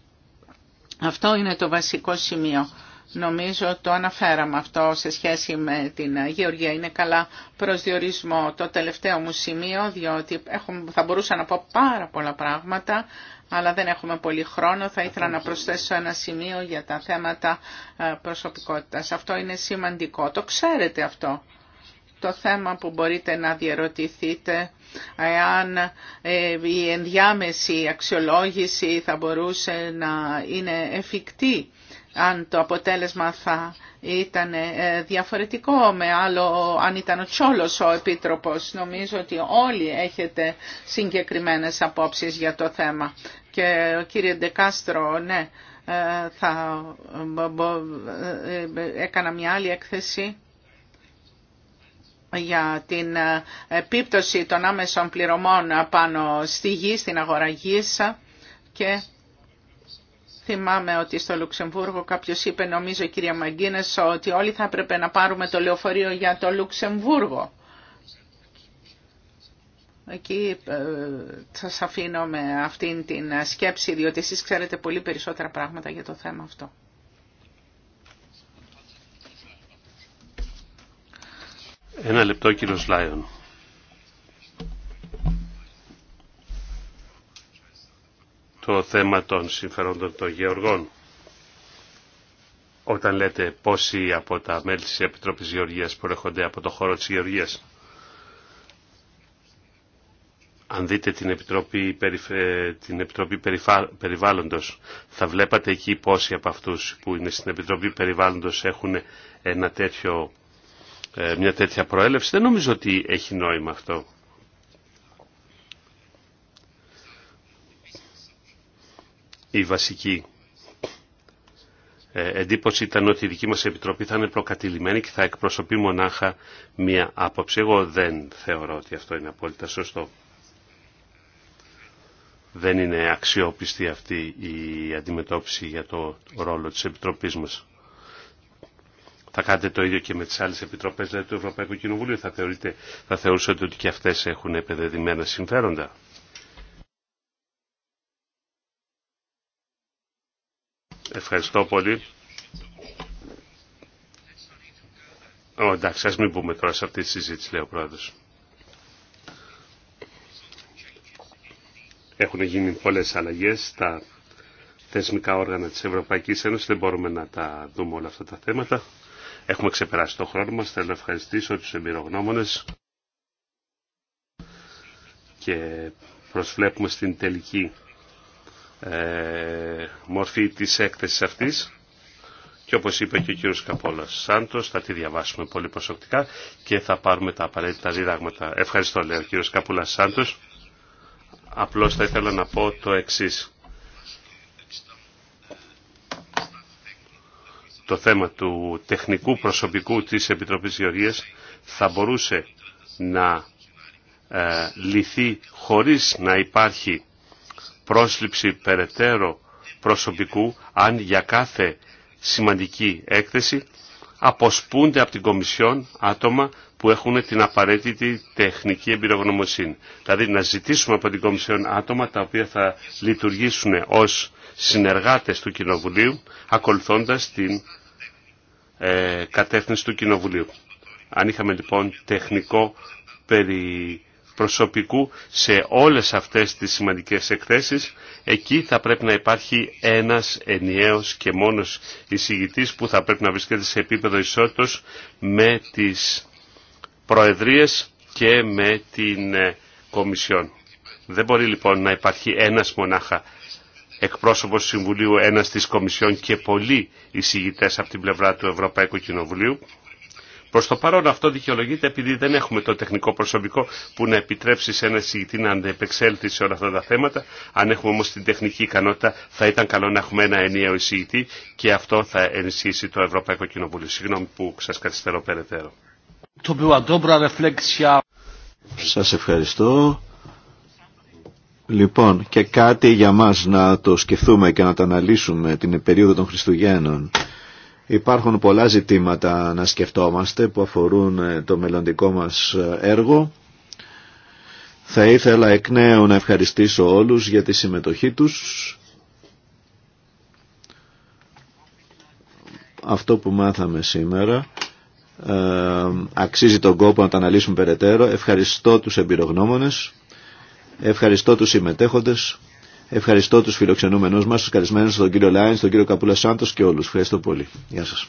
Αυτό είναι το βασικό σημείο. Νομίζω το αναφέραμε αυτό σε σχέση με την Γεωργία. Είναι καλά προσδιορισμό το τελευταίο μου σημείο, διότι θα μπορούσα να πω πάρα πολλά πράγματα αλλά δεν έχουμε πολύ χρόνο. Θα ήθελα να προσθέσω ένα σημείο για τα θέματα ε, προσωπικότητας. Αυτό είναι σημαντικό. Το ξέρετε αυτό. Το θέμα που μπορείτε να διαρωτηθείτε εάν ε, η ενδιάμεση αξιολόγηση θα μπορούσε να είναι εφικτή αν το αποτέλεσμα θα ήταν ε, διαφορετικό με άλλο αν ήταν ο Τσόλος ο Επίτροπος. Νομίζω ότι όλοι έχετε συγκεκριμένες απόψεις για το θέμα. Και ο ε, κύριε Ντεκάστρο, ναι, ε, θα έκανα μια άλλη έκθεση για την επίπτωση των άμεσων πληρωμών πάνω στη γη, στην αγορά και Θυμάμαι ότι στο Λουξεμβούργο κάποιος είπε, νομίζω κυρία Μαγκίνες, ότι όλοι θα έπρεπε να πάρουμε το λεωφορείο για το Λουξεμβούργο. Εκεί ε, σας αφήνω με αυτήν την σκέψη, διότι εσείς ξέρετε πολύ περισσότερα πράγματα για το θέμα αυτό. Ένα λεπτό κύριο Λάιον. το θέμα των συμφερόντων των γεωργών. Όταν λέτε πόσοι από τα μέλη της Επιτροπής Γεωργίας προέρχονται από το χώρο της Γεωργίας. Αν δείτε την Επιτροπή, την Επιτροπή Περιβάλλοντος, θα βλέπατε εκεί πόσοι από αυτούς που είναι στην Επιτροπή Περιβάλλοντος έχουν ένα ε, μια τέτοια προέλευση. Δεν νομίζω ότι έχει νόημα αυτό. η βασική ε, εντύπωση ήταν ότι η δική μας επιτροπή θα είναι προκατηλημένη και θα εκπροσωπεί μονάχα μία άποψη. Εγώ δεν θεωρώ ότι αυτό είναι απόλυτα σωστό. Δεν είναι αξιόπιστη αυτή η αντιμετώπιση για το ρόλο της Επιτροπής μας. Θα κάνετε το ίδιο και με τις άλλες επιτροπές δηλαδή του Ευρωπαϊκού Κοινοβουλίου. Θα, θεωρείτε, θεωρούσατε ότι και αυτές έχουν επεδεδημένα συμφέροντα. Ευχαριστώ πολύ. εντάξει, ας μην πούμε τώρα σε αυτή τη συζήτηση, λέει ο πρόεδρος. Έχουν γίνει πολλές αλλαγές στα θεσμικά όργανα της Ευρωπαϊκής Ένωσης. Δεν μπορούμε να τα δούμε όλα αυτά τα θέματα. Έχουμε ξεπεράσει το χρόνο μας. Θέλω να ευχαριστήσω τους εμπειρογνώμονες και προσβλέπουμε στην τελική ε, μορφή της έκθεσης αυτής και όπως είπε και ο κύριος Καπόλας Σάντος θα τη διαβάσουμε πολύ προσωπικά και θα πάρουμε τα απαραίτητα διδάγματα. Ευχαριστώ λέει ο κύριος Καπούλας Σάντος. Απλώς θα ήθελα να πω το εξής. Το θέμα του τεχνικού προσωπικού της Επιτροπής Γεωργίας θα μπορούσε να ε, λυθεί χωρίς να υπάρχει πρόσληψη περαιτέρω προσωπικού αν για κάθε σημαντική έκθεση αποσπούνται από την Κομισιόν άτομα που έχουν την απαραίτητη τεχνική εμπειρογνωμοσύνη. Δηλαδή να ζητήσουμε από την Κομισιόν άτομα τα οποία θα λειτουργήσουν ως συνεργάτες του Κοινοβουλίου ακολουθώντας την ε, κατεύθυνση του Κοινοβουλίου. Αν είχαμε λοιπόν τεχνικό περι, προσωπικού σε όλες αυτές τις σημαντικές εκθέσεις, εκεί θα πρέπει να υπάρχει ένας ενιαίος και μόνος εισηγητής που θα πρέπει να βρίσκεται σε επίπεδο ισότητος με τις προεδρίες και με την ε, Κομισιόν. Δεν μπορεί λοιπόν να υπάρχει ένας μονάχα εκπρόσωπος Συμβουλίου, ένας της Κομισιόν και πολλοί εισηγητές από την πλευρά του Ευρωπαϊκού Κοινοβουλίου. Προ το παρόν αυτό δικαιολογείται επειδή δεν έχουμε το τεχνικό προσωπικό που να επιτρέψει σε ένα εισηγητή να αντεπεξέλθει σε όλα αυτά τα θέματα. Αν έχουμε όμω την τεχνική ικανότητα θα ήταν καλό να έχουμε ένα ενιαίο εισηγητή και αυτό θα ενισχύσει το Ευρωπαϊκό Κοινοβούλιο. Συγγνώμη που σα καθυστερώ περαιτέρω. Σα ευχαριστώ. Λοιπόν, και κάτι για μας να το σκεφτούμε και να το αναλύσουμε την περίοδο των Χριστουγέννων. Υπάρχουν πολλά ζητήματα να σκεφτόμαστε που αφορούν ε, το μελλοντικό μας ε, έργο. Θα ήθελα εκ νέου να ευχαριστήσω όλους για τη συμμετοχή τους. Αυτό που μάθαμε σήμερα ε, αξίζει τον κόπο να τα αναλύσουμε περαιτέρω. Ευχαριστώ τους εμπειρογνώμονες, ευχαριστώ τους συμμετέχοντες. Ευχαριστώ τους φιλοξενούμενους μας, τους καλεσμένους, τον κύριο Λάιν, τον κύριο Καπούλα Σάντος και όλους. Ευχαριστώ πολύ. Γεια σας.